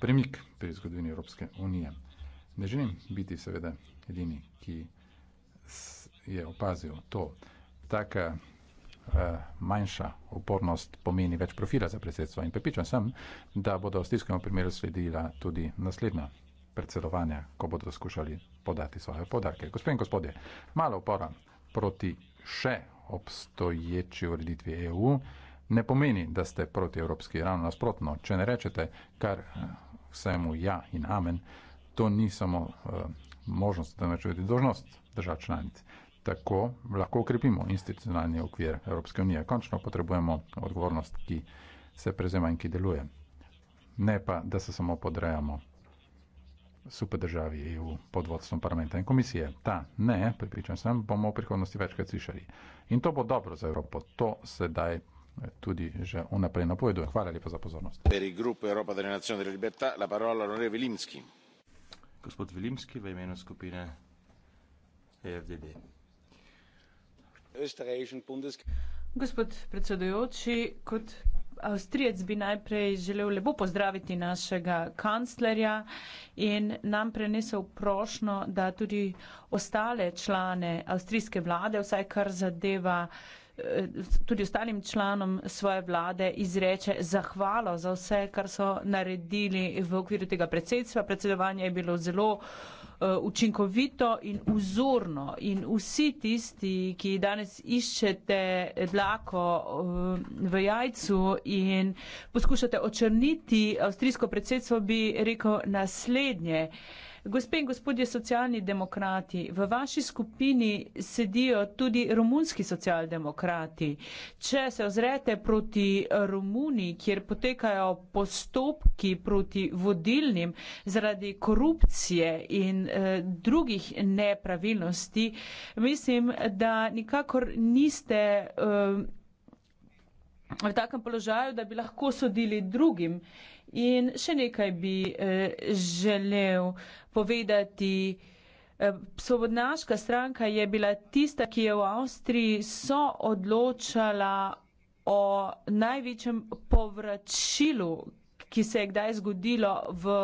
premik pri zgodovini Evropske unije. Ne želim biti seveda edini, ki je opazil to. Taka eh, manjša upornost pomeni več profila za predsedstvo in prepričan sem, da bodo v stiskem primeru sledila tudi naslednja predsedovanja, ko bodo skušali podati svoje podarke. Gospod in gospodje, malo upora proti še obstoječi ureditvi EU ne pomeni, da ste protievropski, ravno nasprotno. Če ne rečete kar eh, vsemu ja in amen, to ni samo uh, možnost, temveč tudi dožnost držav članic. Tako lahko ukrepimo institucionalni okvir Evropske unije. Končno potrebujemo odgovornost, ki se prezema in ki deluje. Ne pa, da se samo podrejamo super državi EU pod vodstvom parlamenta in komisije. Ta ne, pripričam sem, bomo v prihodnosti večkrat slišali. In to bo dobro za Evropo. To sedaj tudi že unaprej napoveduje. Hvala lepa za pozornost. Gospod Vilimski v imenu skupine EFDD. Gospod predsedujoči, kot Avstrijec bi najprej želel lepo pozdraviti našega kanclerja in nam prenesel prošno, da tudi ostale člane avstrijske vlade, vsaj kar zadeva Eh, tudi ostalim članom svoje vlade izreče zahvalo za vse, kar so naredili v okviru tega predsedstva. Predsedovanje je bilo zelo eh, učinkovito in vzorno in vsi tisti, ki danes iščete dlako eh, v jajcu in poskušate očrniti avstrijsko predsedstvo, bi rekel naslednje. Gospe in gospodje socialni demokrati, v vaši skupini sedijo tudi romunski socialdemokrati. Če se ozrete proti Romuni, kjer potekajo postopki proti vodilnim zaradi korupcije in eh, drugih nepravilnosti, mislim, da nikakor niste. Eh, v takem položaju, da bi lahko sodili drugim. In še nekaj bi eh, želel povedati. Eh, svobodnaška stranka je bila tista, ki je v Avstriji so odločala o največjem povračilu, ki se je kdaj zgodilo v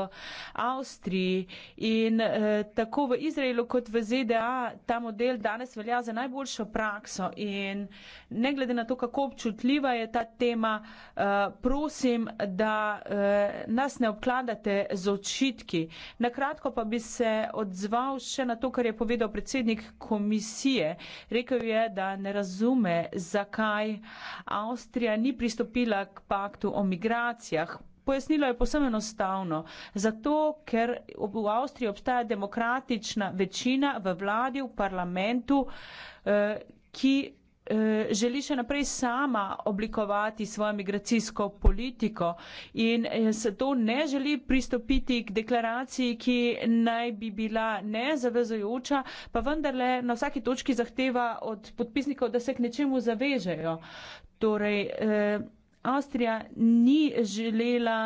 Avstriji. In eh, tako v Izraelu kot v ZDA ta model danes velja za najboljšo prakso. In ne glede na to, kako občutljiva je ta tema, eh, prosim, da eh, nas ne obkladate z očitki. Nakratko pa bi se odzval še na to, kar je povedal predsednik komisije. Rekel je, da ne razume, zakaj Avstrija ni pristopila k paktu o migracijah. Pojasnilo je posebno enostavno. Zato, ker v Avstriji obstaja demokratična večina v vladi, v parlamentu, eh, ki eh, želi še naprej sama oblikovati svojo migracijsko politiko in eh, se to ne želi pristopiti k deklaraciji, ki naj bi bila nezavezujoča, pa vendarle na vsaki točki zahteva od podpisnikov, da se k nečemu zavežejo. Torej, eh, Avstrija ni želela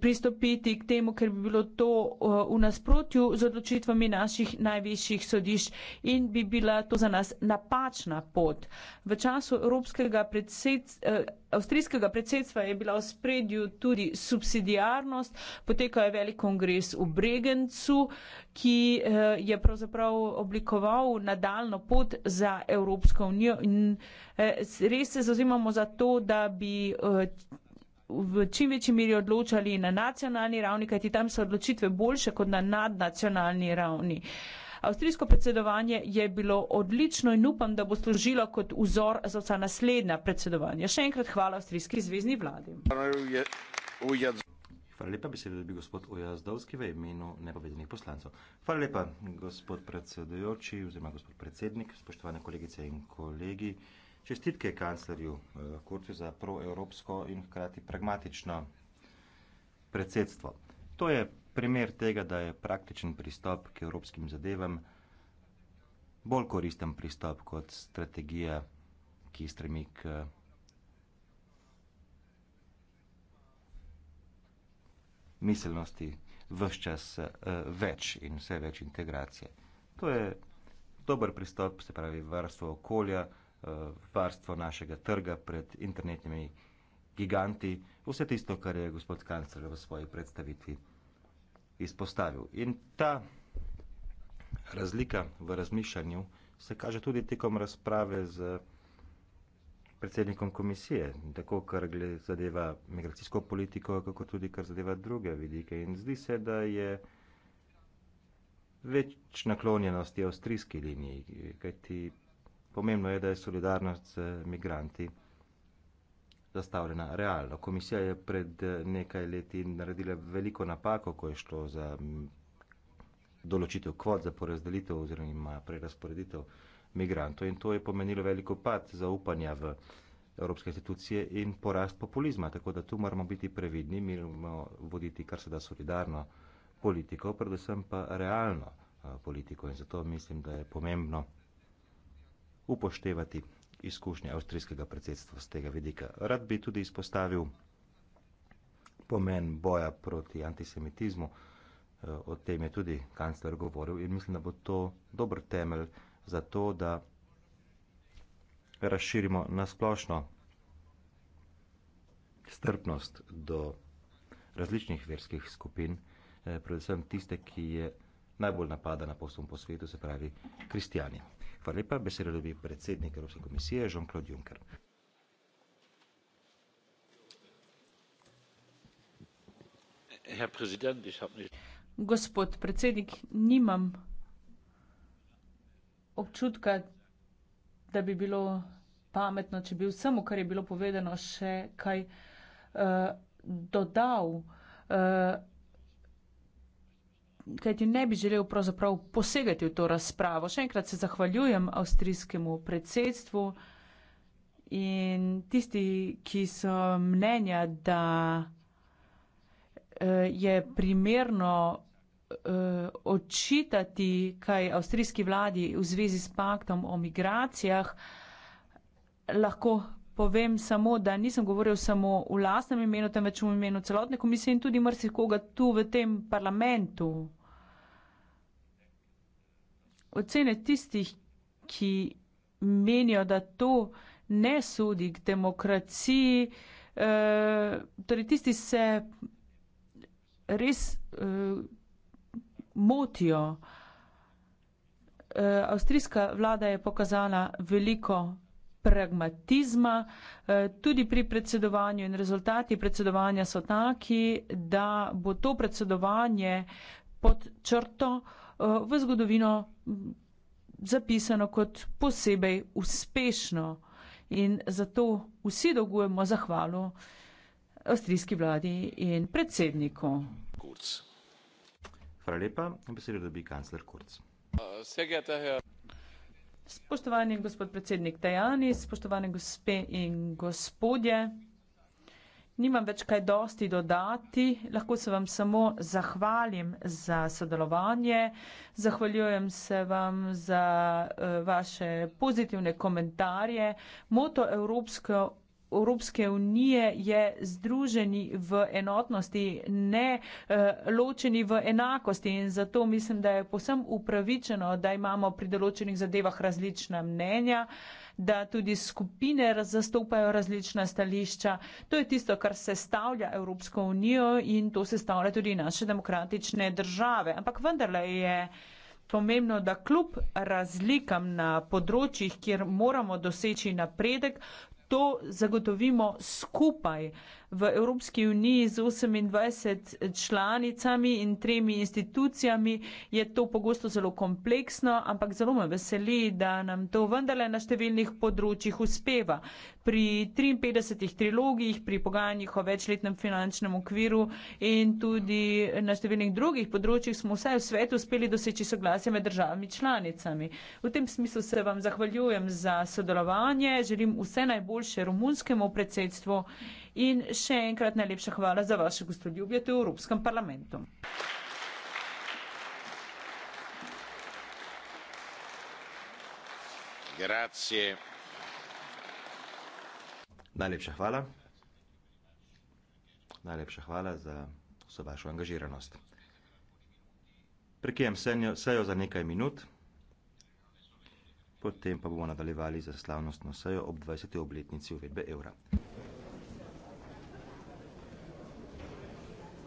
pristopiti k temu, ker bi bilo to eh, v nasprotju z odločitvami naših najvišjih sodišč in bi bila to za nas napačna pot. V času evropskega predsedstva, eh, avstrijskega predsedstva je bila v spredju tudi subsidijarnost, potekal je velik kongres v Bregencu ki eh, je pravzaprav oblikoval nadaljno pot za Evropsko unijo in eh, res se zazimamo za to, da bi eh, v čim večji miri odločali na nacionalni ravni, kajti tam so odločitve boljše kot na nadnacionalni ravni. Avstrijsko predsedovanje je bilo odlično in upam, da bo služilo kot vzor za vsa naslednja predsedovanja. Še enkrat hvala Avstrijski zvezdni vladi. Hvala, je, Hvala lepa, besedo dobi gospod Ojazdovski v imenu nepovedanih poslancov. Hvala lepa, gospod predsedujoči oziroma gospod predsednik, spoštovane kolegice in kolegi. Čestitke kanclerju eh, Kurcu za proevropsko in hkrati pragmatično predsedstvo. To je primer tega, da je praktičen pristop k evropskim zadevam bolj koristen pristop kot strategija, ki stremi k miselnosti vse čas eh, več in vse več integracije. To je dober pristop, se pravi varstvo okolja, eh, varstvo našega trga pred internetnimi giganti, vse tisto, kar je gospod kancler v svoji predstavitvi izpostavil. In ta razlika v razmišljanju se kaže tudi tekom razprave z predsednikom komisije, tako kar zadeva migracijsko politiko, kako tudi kar zadeva druge vidike. In zdi se, da je več naklonjenosti avstrijski liniji, kajti pomembno je, da je solidarnost z migranti zastavljena realno. Komisija je pred nekaj leti naredila veliko napako, ko je šlo za določitev kvot za porazdelitev oziroma prerasporeditev migrantov in to je pomenilo veliko pad zaupanja v evropske institucije in porast populizma. Tako da tu moramo biti previdni, mi moramo voditi kar se da solidarno politiko, predvsem pa realno politiko in zato mislim, da je pomembno upoštevati izkušnje avstrijskega predsedstva z tega vidika. Rad bi tudi izpostavil pomen boja proti antisemitizmu, o tem je tudi kancler govoril in mislim, da bo to dober temelj za to, da razširimo nasplošno strpnost do različnih verskih skupin, eh, predvsem tiste, ki je najbolj napadana postom po svetu, se pravi kristijanje. Hvala lepa, besedo dobi predsednik Evropske komisije Jean-Claude Juncker. Gospod predsednik, nimam občutka, da bi bilo pametno, če bi vsemu, kar je bilo povedano, še kaj uh, dodal. Uh, eh, Kaj ti ne bi želel pravzaprav posegati v to razpravo? Še enkrat se zahvaljujem avstrijskemu predsedstvu in tisti, ki so mnenja, da eh, je primerno uh, očitati kaj avstrijski vladi v zvezi s paktom o migracijah, lahko povem samo, da nisem govoril samo v lastnem imenu, temveč v imenu celotne komisije in tudi marsikoga tu v tem parlamentu. Ocene tistih, ki menijo, da to ne sodi k demokraciji, eh, torej tisti se res eh, motijo. Eh, avstrijska vlada je pokazala veliko pragmatizma, eh, tudi pri predsedovanju in rezultati predsedovanja so taki, da bo to predsedovanje pod črto eh, v zgodovino zapisano kot posebej uspešno in zato vsi dolgujemo zahvalo avstrijski vladi in predsedniku. Kurz. Spoštovani gospod predsednik Tajani, spoštovane gospe in gospodje, nimam več kaj dosti dodati, lahko se vam samo zahvalim za sodelovanje, zahvaljujem se vam za eh, vaše pozitivne komentarje. Moto Evropske Evropske unije je združeni v enotnosti, ne eh, ločeni v enakosti in zato mislim, da je posem upravičeno, da imamo pri določenih zadevah različna mnenja, da tudi skupine zastopajo različna stališča. To je tisto, kar sestavlja Evropsko unijo in to sestavlja tudi naše demokratične države. Ampak vendarle je pomembno, da kljub razlikam na področjih, kjer moramo doseči napredek, to zagotovimo skupaj v Evropski uniji z 28 članicami in tremi institucijami je to pogosto zelo kompleksno, ampak zelo me veseli, da nam to vendarle na številnih področjih uspeva. Pri 53 trilogijih, pri pogajanjih o večletnem finančnem okviru in tudi na številnih drugih področjih smo vsaj v svetu uspeli doseči soglasje med državami članicami. V tem smislu se vam zahvaljujem za sodelovanje, želim vse najboljše romunskemu predsedstvu. In še enkrat najlepša hvala za vaše gostoljubje v Evropskem parlamentu. Grazie. Najlepša hvala. Najlepša hvala za vso vašo angažiranost. Prekijem sejo za nekaj minut, potem pa bomo nadaljevali za slavnostno sejo ob 20. obletnici uvedbe evra.